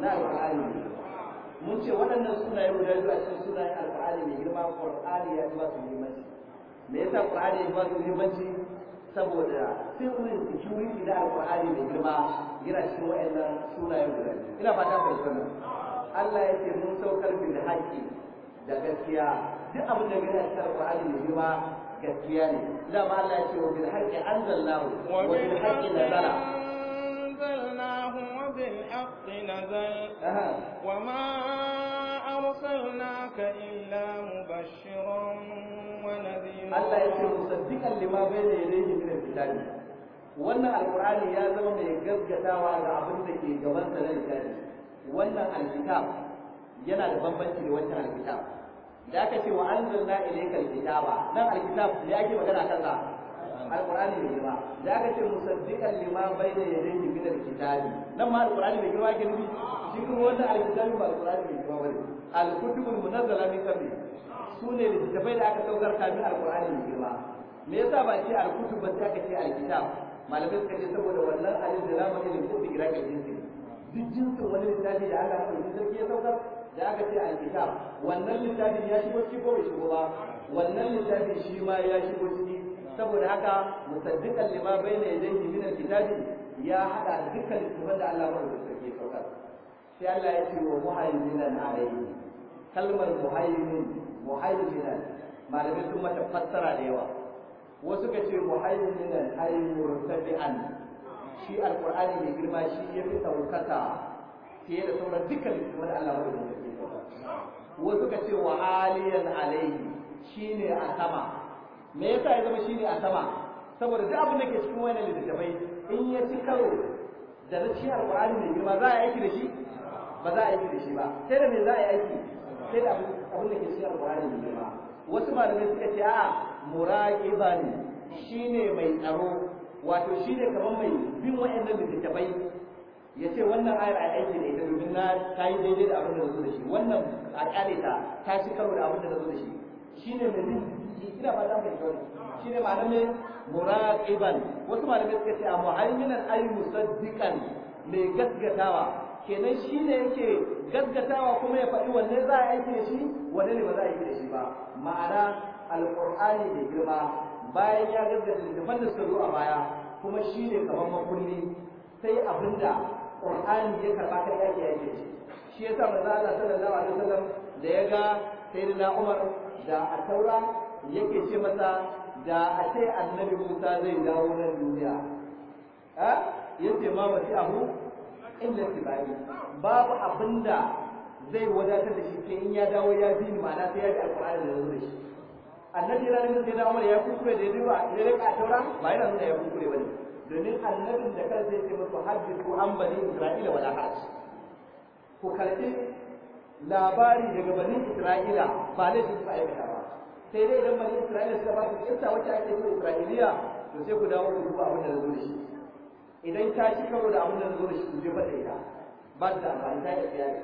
na alƙur'ani mun ce waɗannan sunayen guda biyu a cikin sunayen alƙur'ani mai girma ƙur'ani ya ba su muhimmanci me yasa ƙur'ani ya ba su muhimmanci saboda sirrin gida da alƙur'ani mai girma yana cikin waɗannan sunayen guda biyu ina fata fahimci wannan Allah ya ce mun saukar bil haƙƙi da gaskiya duk abin da gani a cikin alƙur'ani mai girma gaskiya ne dama Allah ya ce bil haƙƙi anzalallahu wa bil haƙƙi nazala بالحق نزل وما أرسلناك إلا مبشرا ونذيرا الله يقول مصدقا لما بين يديه من الكتاب wannan alkur'ani ya zama mai gaggatawa ga abin da ke gaban sa na littafi wannan alkitab yana da bambanci da wancan alkitab da aka ce wa anzalna ilayka alkitaba nan alkitab da yake magana kansa Alƙur'ani mai girma da aka ce musaddiqan lima bayna yadayhi min alkitabi nan ma Alƙur'ani mai girma ke nufi shi kuma wannan alkitabi ba Alƙur'ani mai girma bane alkutubul munazzala min qabli ne littattafai da aka saukar kafin Alƙur'ani mai girma me yasa ba ce alkutub ba sai aka ce alkitab malamai suka ce saboda wannan alif da lamu ilin ko digira ga jinsi duk jinsin wani littafi da aka saukar sarki ya saukar da aka ce alkitab wannan littafin ya shigo ciki ko bai shigo ba wannan littafin shi ma ya shigo ciki saboda haka musaddiqan lima bayna yadayhi min alkitabi ya hada dukkan littafin da Allah ya ke saukar sai Allah ya ce wa muhaiminan alayhi kalmar muhayyin muhaiminan malamai sun mata fassara da yawa wasu ka ce muhaiminan ay murtabi'an shi alqur'ani mai girma shi ya fi saukaka fiye da sauran dukkan littafin da Allah ya ke saukar wasu ka ce wa aliyan alayhi shine a sama me yasa ya zama shine a sama saboda duk abin da ke cikin wani littattafai in ya ci karo da na ci mai girma za a yi aiki da shi ba za a yi aiki da shi ba sai da me za a yi aiki sai da abin da ke cikin alqur'ani mai girma wasu malamai suka ce a muraqiban shine mai tsaro wato shine kamar mai bin wa'annan littattafai ya ce wannan ayar a aiki da ita domin na ta yi daidai da abin da zo da shi wannan a kyale ta ta ci karo da abin da zo da shi shine mai ina ba za mu shi ne malamin muraqiban wasu suka ce a ay musaddiqan mai gaggatawa kenan shi ne yake gaggatawa kuma ya faɗi wanne za a aiki shi wanne ne ba za a aiki shi ba ma'ana alƙur'ani da girma bayan ya gaggata littafan da suka zo a baya kuma shi ne kamar makulli sai abinda ƙur'ani ya karɓa ka yake yake shi shi yasa manzo Allah sallallahu alaihi wasallam da ya ga sayyidina Umar da al-Taura? yake ce masa da a ce annabi Musa zai dawo nan duniya ha yace ma ba sai abu illa tibani babu abinda zai wadatar da shi ke in ya dawo ya bi ni ma'ana sai ya bi alƙur'ani da zuri shi annabi ya rinka sai dawo ya kuskure da yadda ya rinka a taura ba yana nuna ya kuskure bane domin annabin da kansa yake musu hadithu an bani isra'ila wala haraj ku karbi labari daga bani isra'ila ba laifin su aikata sai dai idan bani isra'ila suka ba ku kyauta wacce ake so isra'iliya to sai ku dawo ku duba abin da zo da shi idan ta ci karo da abin da zo da shi ku je faɗa ita ba da amfani ta tafiya ne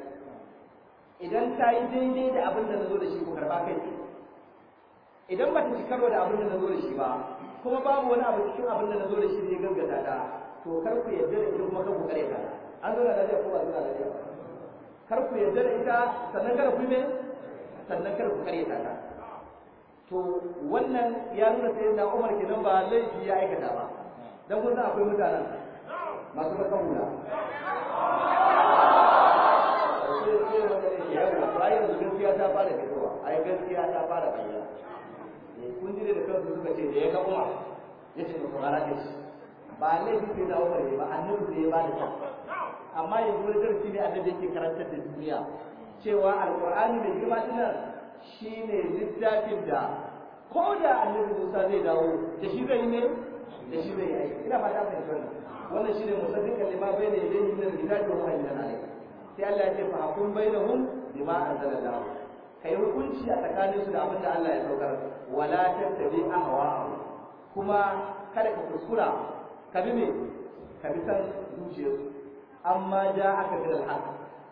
idan ta yi daidai da abin da zo da shi ku karɓa kai idan ba ta ci karo da abin da zo da shi ba kuma babu wani abu cikin abin da zo da shi zai gaggata ta to kar ku yarda da ita kuma kan ku kare ta an zo da lafiya ko ba zo da lafiya kar ku yarda da ita sannan kar ku me sannan kar ku kare ta to wannan ya nuna sai na umar nan ba laifi ya aikata ba don kun akwai mutanen masu bakan hula bayan gaskiya ta fara fitowa ai gaskiya ta fara bayyana eh, kun ji da kansu suka ce da ya ga umar ya ce ba kuma rake shi ba laifi sai na umar ne ba annabi sai ya ba da ta amma yanzu wani darasi ne annabi yake karantar da duniya cewa alqur'ani mai girma dinar Shi ne littafin da ko da annabi Musa zai dawo da shi zai ne da shi zai aiki ina fata fahimta wannan shi wannan shine musaddiqan lima bai bayna yadayhi da al-kitabi wa huwa alayhi sai Allah ya ce fa hakum bainahum bima anzalallahu kai hukunci a tsakanin su da abin da Allah ya saukar wala ta a hawa. kuma kada ka kuskura ka bi me ka bi san su. amma da aka bi da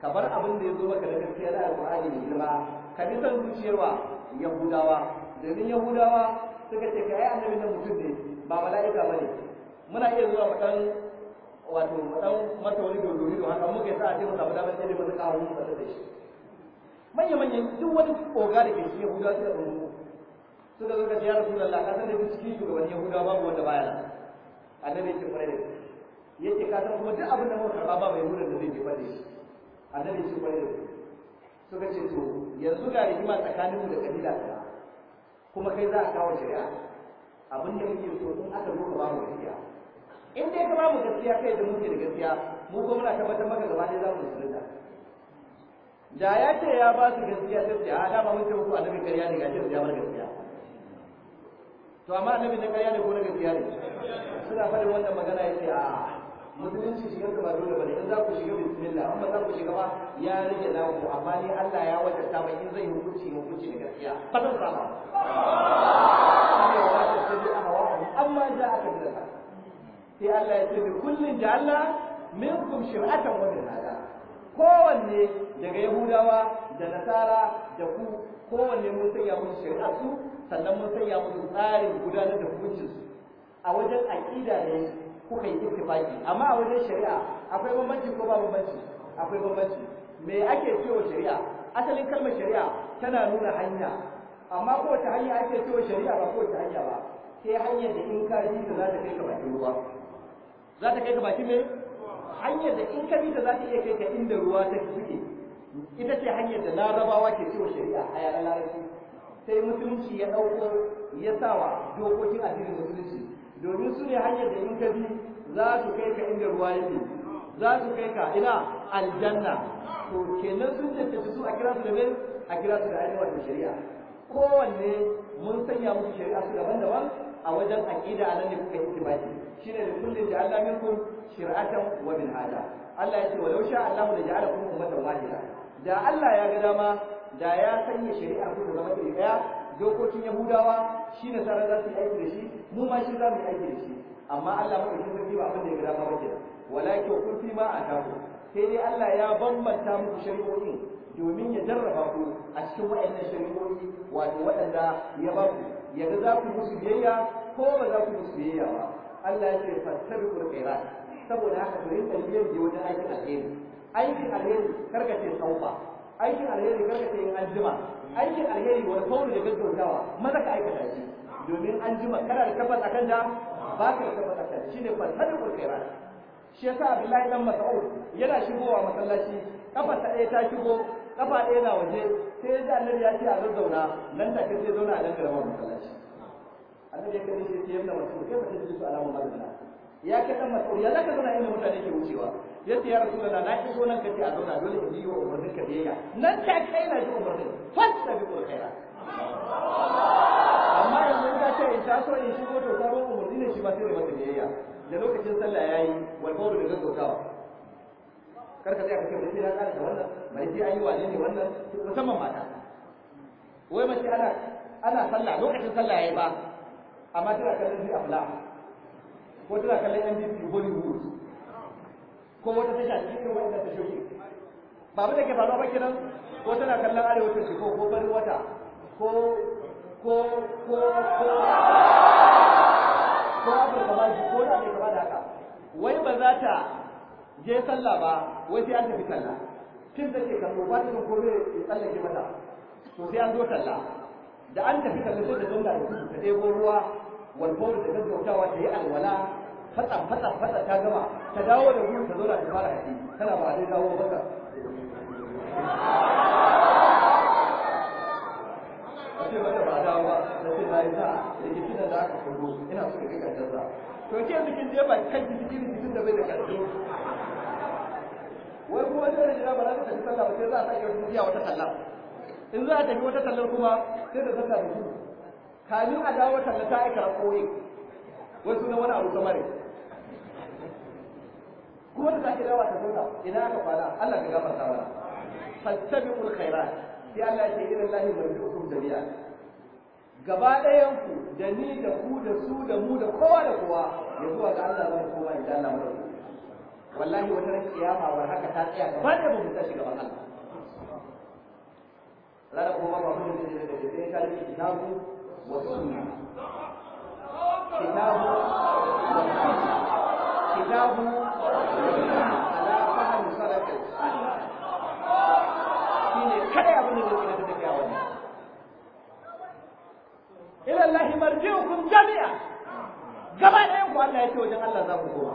ka bar abin da ya zo maka da gaskiya da alƙur'ani mai girma ka bi son zuciyarwa yahudawa domin yahudawa suka ce ka yi annabi na mutum ne ba mala'ika ba ne muna iya zuwa mu dan wato mu dan mata wani dodori don haka muka yi sa'a ce mu samu damar ɗaya mu kawo mu tsare da shi manya manyan duk wani oga da ke shi yahudawa suka ɗauko suka zo ka ce ya rasulullah ka san da duk cikin shugaban yahuda babu wanda baya annabi ya ce kwarai da su, yace ka san kuma duk abin da muka karba babu yahudan da zai ke da shi annabi ya kwarai da su. suka ce to yanzu ga rigima tsakaninmu da kabila ta kuma kai za a kawo shari'a abin da muke so in aka zo ka ba mu gaskiya in dai ka ba mu gaskiya kai da muke da gaskiya mu ko muna tabbatar maka gaba ɗaya za mu musulunta da ya ce ya ba su gaskiya sai su a ah, dama mun ce muku annabi kariya ne gashi ya bar gaskiya to amma annabi na kariya ne ko na gaskiya ne suna faɗin wannan magana ya ce a ah, musulunci shigar da ba dole bane in za ku shiga bismillah in ba za ku shiga ba ya rike na ku amma ni Allah ya wajabta mai in zai hukunci hukunci da gaskiya ba zan saba amma da aka da sai Allah ya ce bi kullun ja'alna minkum shir'atan wa minhaja kowanne daga yahudawa da nasara da ku kowanne mun sanya musu shari'a su sannan mun sanya mun tsarin gudanar da hukuncinsu a wajen aƙida ne kuka yi ittifaki amma a wajen shari'a akwai bambanci ko ba bambanci akwai bambanci me ake cewa shari'a asalin kalmar shari'a tana nuna hanya amma kowace hanya ake cewa shari'a ba kowace hanya ba sai hanyar da in ka yi za ta kai ka bakin ruwa za ta kai ka bakin me hanyar da in ka yi za ta iya kai ka inda ruwa ta suke ita ce hanyar da larabawa ke cewa shari'a a yaran larabci sai musulunci ya ɗauko ya sawa dokokin addinin musulunci domin su ne hanyar da in ka bi za su kai ka inda ruwa yake za su kai ka ina aljanna to kenan sun tattace su a kira su da min a kira su da ainihin da shari'a kowanne mun sanya musu shari'a su daban-daban a wajen aqida nan ne kuka yi Shi ne da kullum da Allah minkum shir'atan wa min hada Allah ya ce walau sha Allah da ja'alakum ummatan wahida da Allah ya ga dama da ya sanya shari'a ku zama iri daya dokokin yahudawa shi ne sarar za su yi aiki da shi mu ma shi za mu yi aiki da shi amma Allah mu ɗauki sarki ba abinda da ya gida ba Wala walakin kun fi ma a taku sai dai Allah ya bambanta muku shari'o'in domin ya jarraba ku a cikin waɗannan shari'o'i wato waɗanda ya ba ku ya za ku musu biyayya ko ba za ku musu biyayya ba Allah ya ce fastabiqul khairat saboda haka ku rinka biyan wajen aikin alheri aikin alheri karkace saufa aikin alheri karka ce in an jima aikin alheri wani kauri da gaggautawa maza ka aikata shi domin an jima kana da tabbas a da ba ka da tabbas a kanta shine fasahar kulkairan shi yasa Abdullahi dan Mas'ud yana shigowa masallaci kafa ta ɗaya ta shigo kafa ɗaya na waje sai ya ji annabi ya ce a zazzauna nan da ka sai zauna a nan karamar masallaci annabi ya kace shi ce yamma wasu kai ba ta ji su alamun mazana ya kai dan Mas'ud ya zaka zauna inda mutane ke wucewa ya ce ya rasu da na iso nan kace a zauna dole in yi wa umarnin ka biyayya nan ta kai na ji umarnin ta bi ko kai amma yanzu ya ce in taso in shigo to sabon umarni ne shi ba sai masa biyayya da lokacin sallah yayi wal qawlu bi gaggautawa kar ka tsaya ka ce bai sai na tsara da wannan bai sai ayi wane ne wannan musamman mata wai mace ana ana sallah lokacin sallah ya yi ba amma tana kallon zai afla ko tana kallon NBC Hollywood ko wata tasha cikin wanda ta shoki ba abin da ke faruwa ba kenan ko tana kallon arewa ta ko ko bari wata ko ko ko ko ko abin da ba shi ko da bai gaba da haka wai ba za ta je sallah ba wai sai an tafi sallah tun da ke kallo ba ta jin kome ya tsallake mata to sai an zo sallah da an tafi sallah sai da zanna da ta ɗebo ruwa walbawar da gaggautawa ta yi alwala fatsa fatsa fatsa ta gama ta dawo da gurin ta zauna ta fara haƙi tana ba zai dawo ba a ce mata ba dawo ba na ce na yi sa da ke da aka kullo ina so ka kai kansa to ke bikin je ba kan ki cikin cikin da bai da kansa wai kuma da rajina ba za ta tafi sallah ba sai za a sake wata tafiya wata sallah in za a tafi wata sallar kuma sai da sallah da su kamin a dawo sallah ta aika koyi wasu na wani abu kamar kuma da zaki dawa ta zauna ina aka fara Allah ka gafarta mana fastabiqul khairat sai Allah ya ce gaba ɗayan ku da ni da ku da su da mu da kowa da kowa ya zuwa ga Allah zan kowa Allah mu wallahi wata ran kiyama war haka ta tsaya gaba mu da. kuma ba da da da da kitabu kitabu kitabu ila lahi marji'ukum jami'a gaba ɗayan ku Allah ya ce wajen Allah za ku koma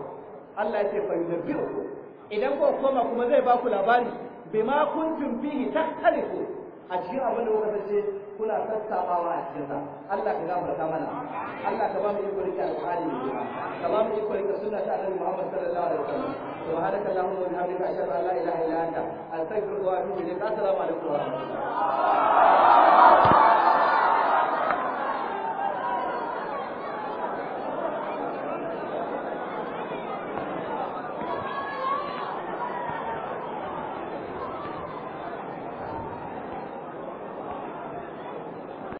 Allah ya ce fa yunabbi'ukum idan ku koma kuma zai ba ku labari bima kuntum fihi takhtalifu a cikin abin da kuka ce kuna sassabawa a cikin Allah ka gafarta mana Allah ka ba mu iko rike alƙur'ani ne ka ba mu iko rike sunna ta Annabi Muhammad sallallahu alaihi wasallam سبحانك اللهم وبحمدك اشهد ان لا اله الا انت استغفرك واتوب اليك السلام عليكم da الله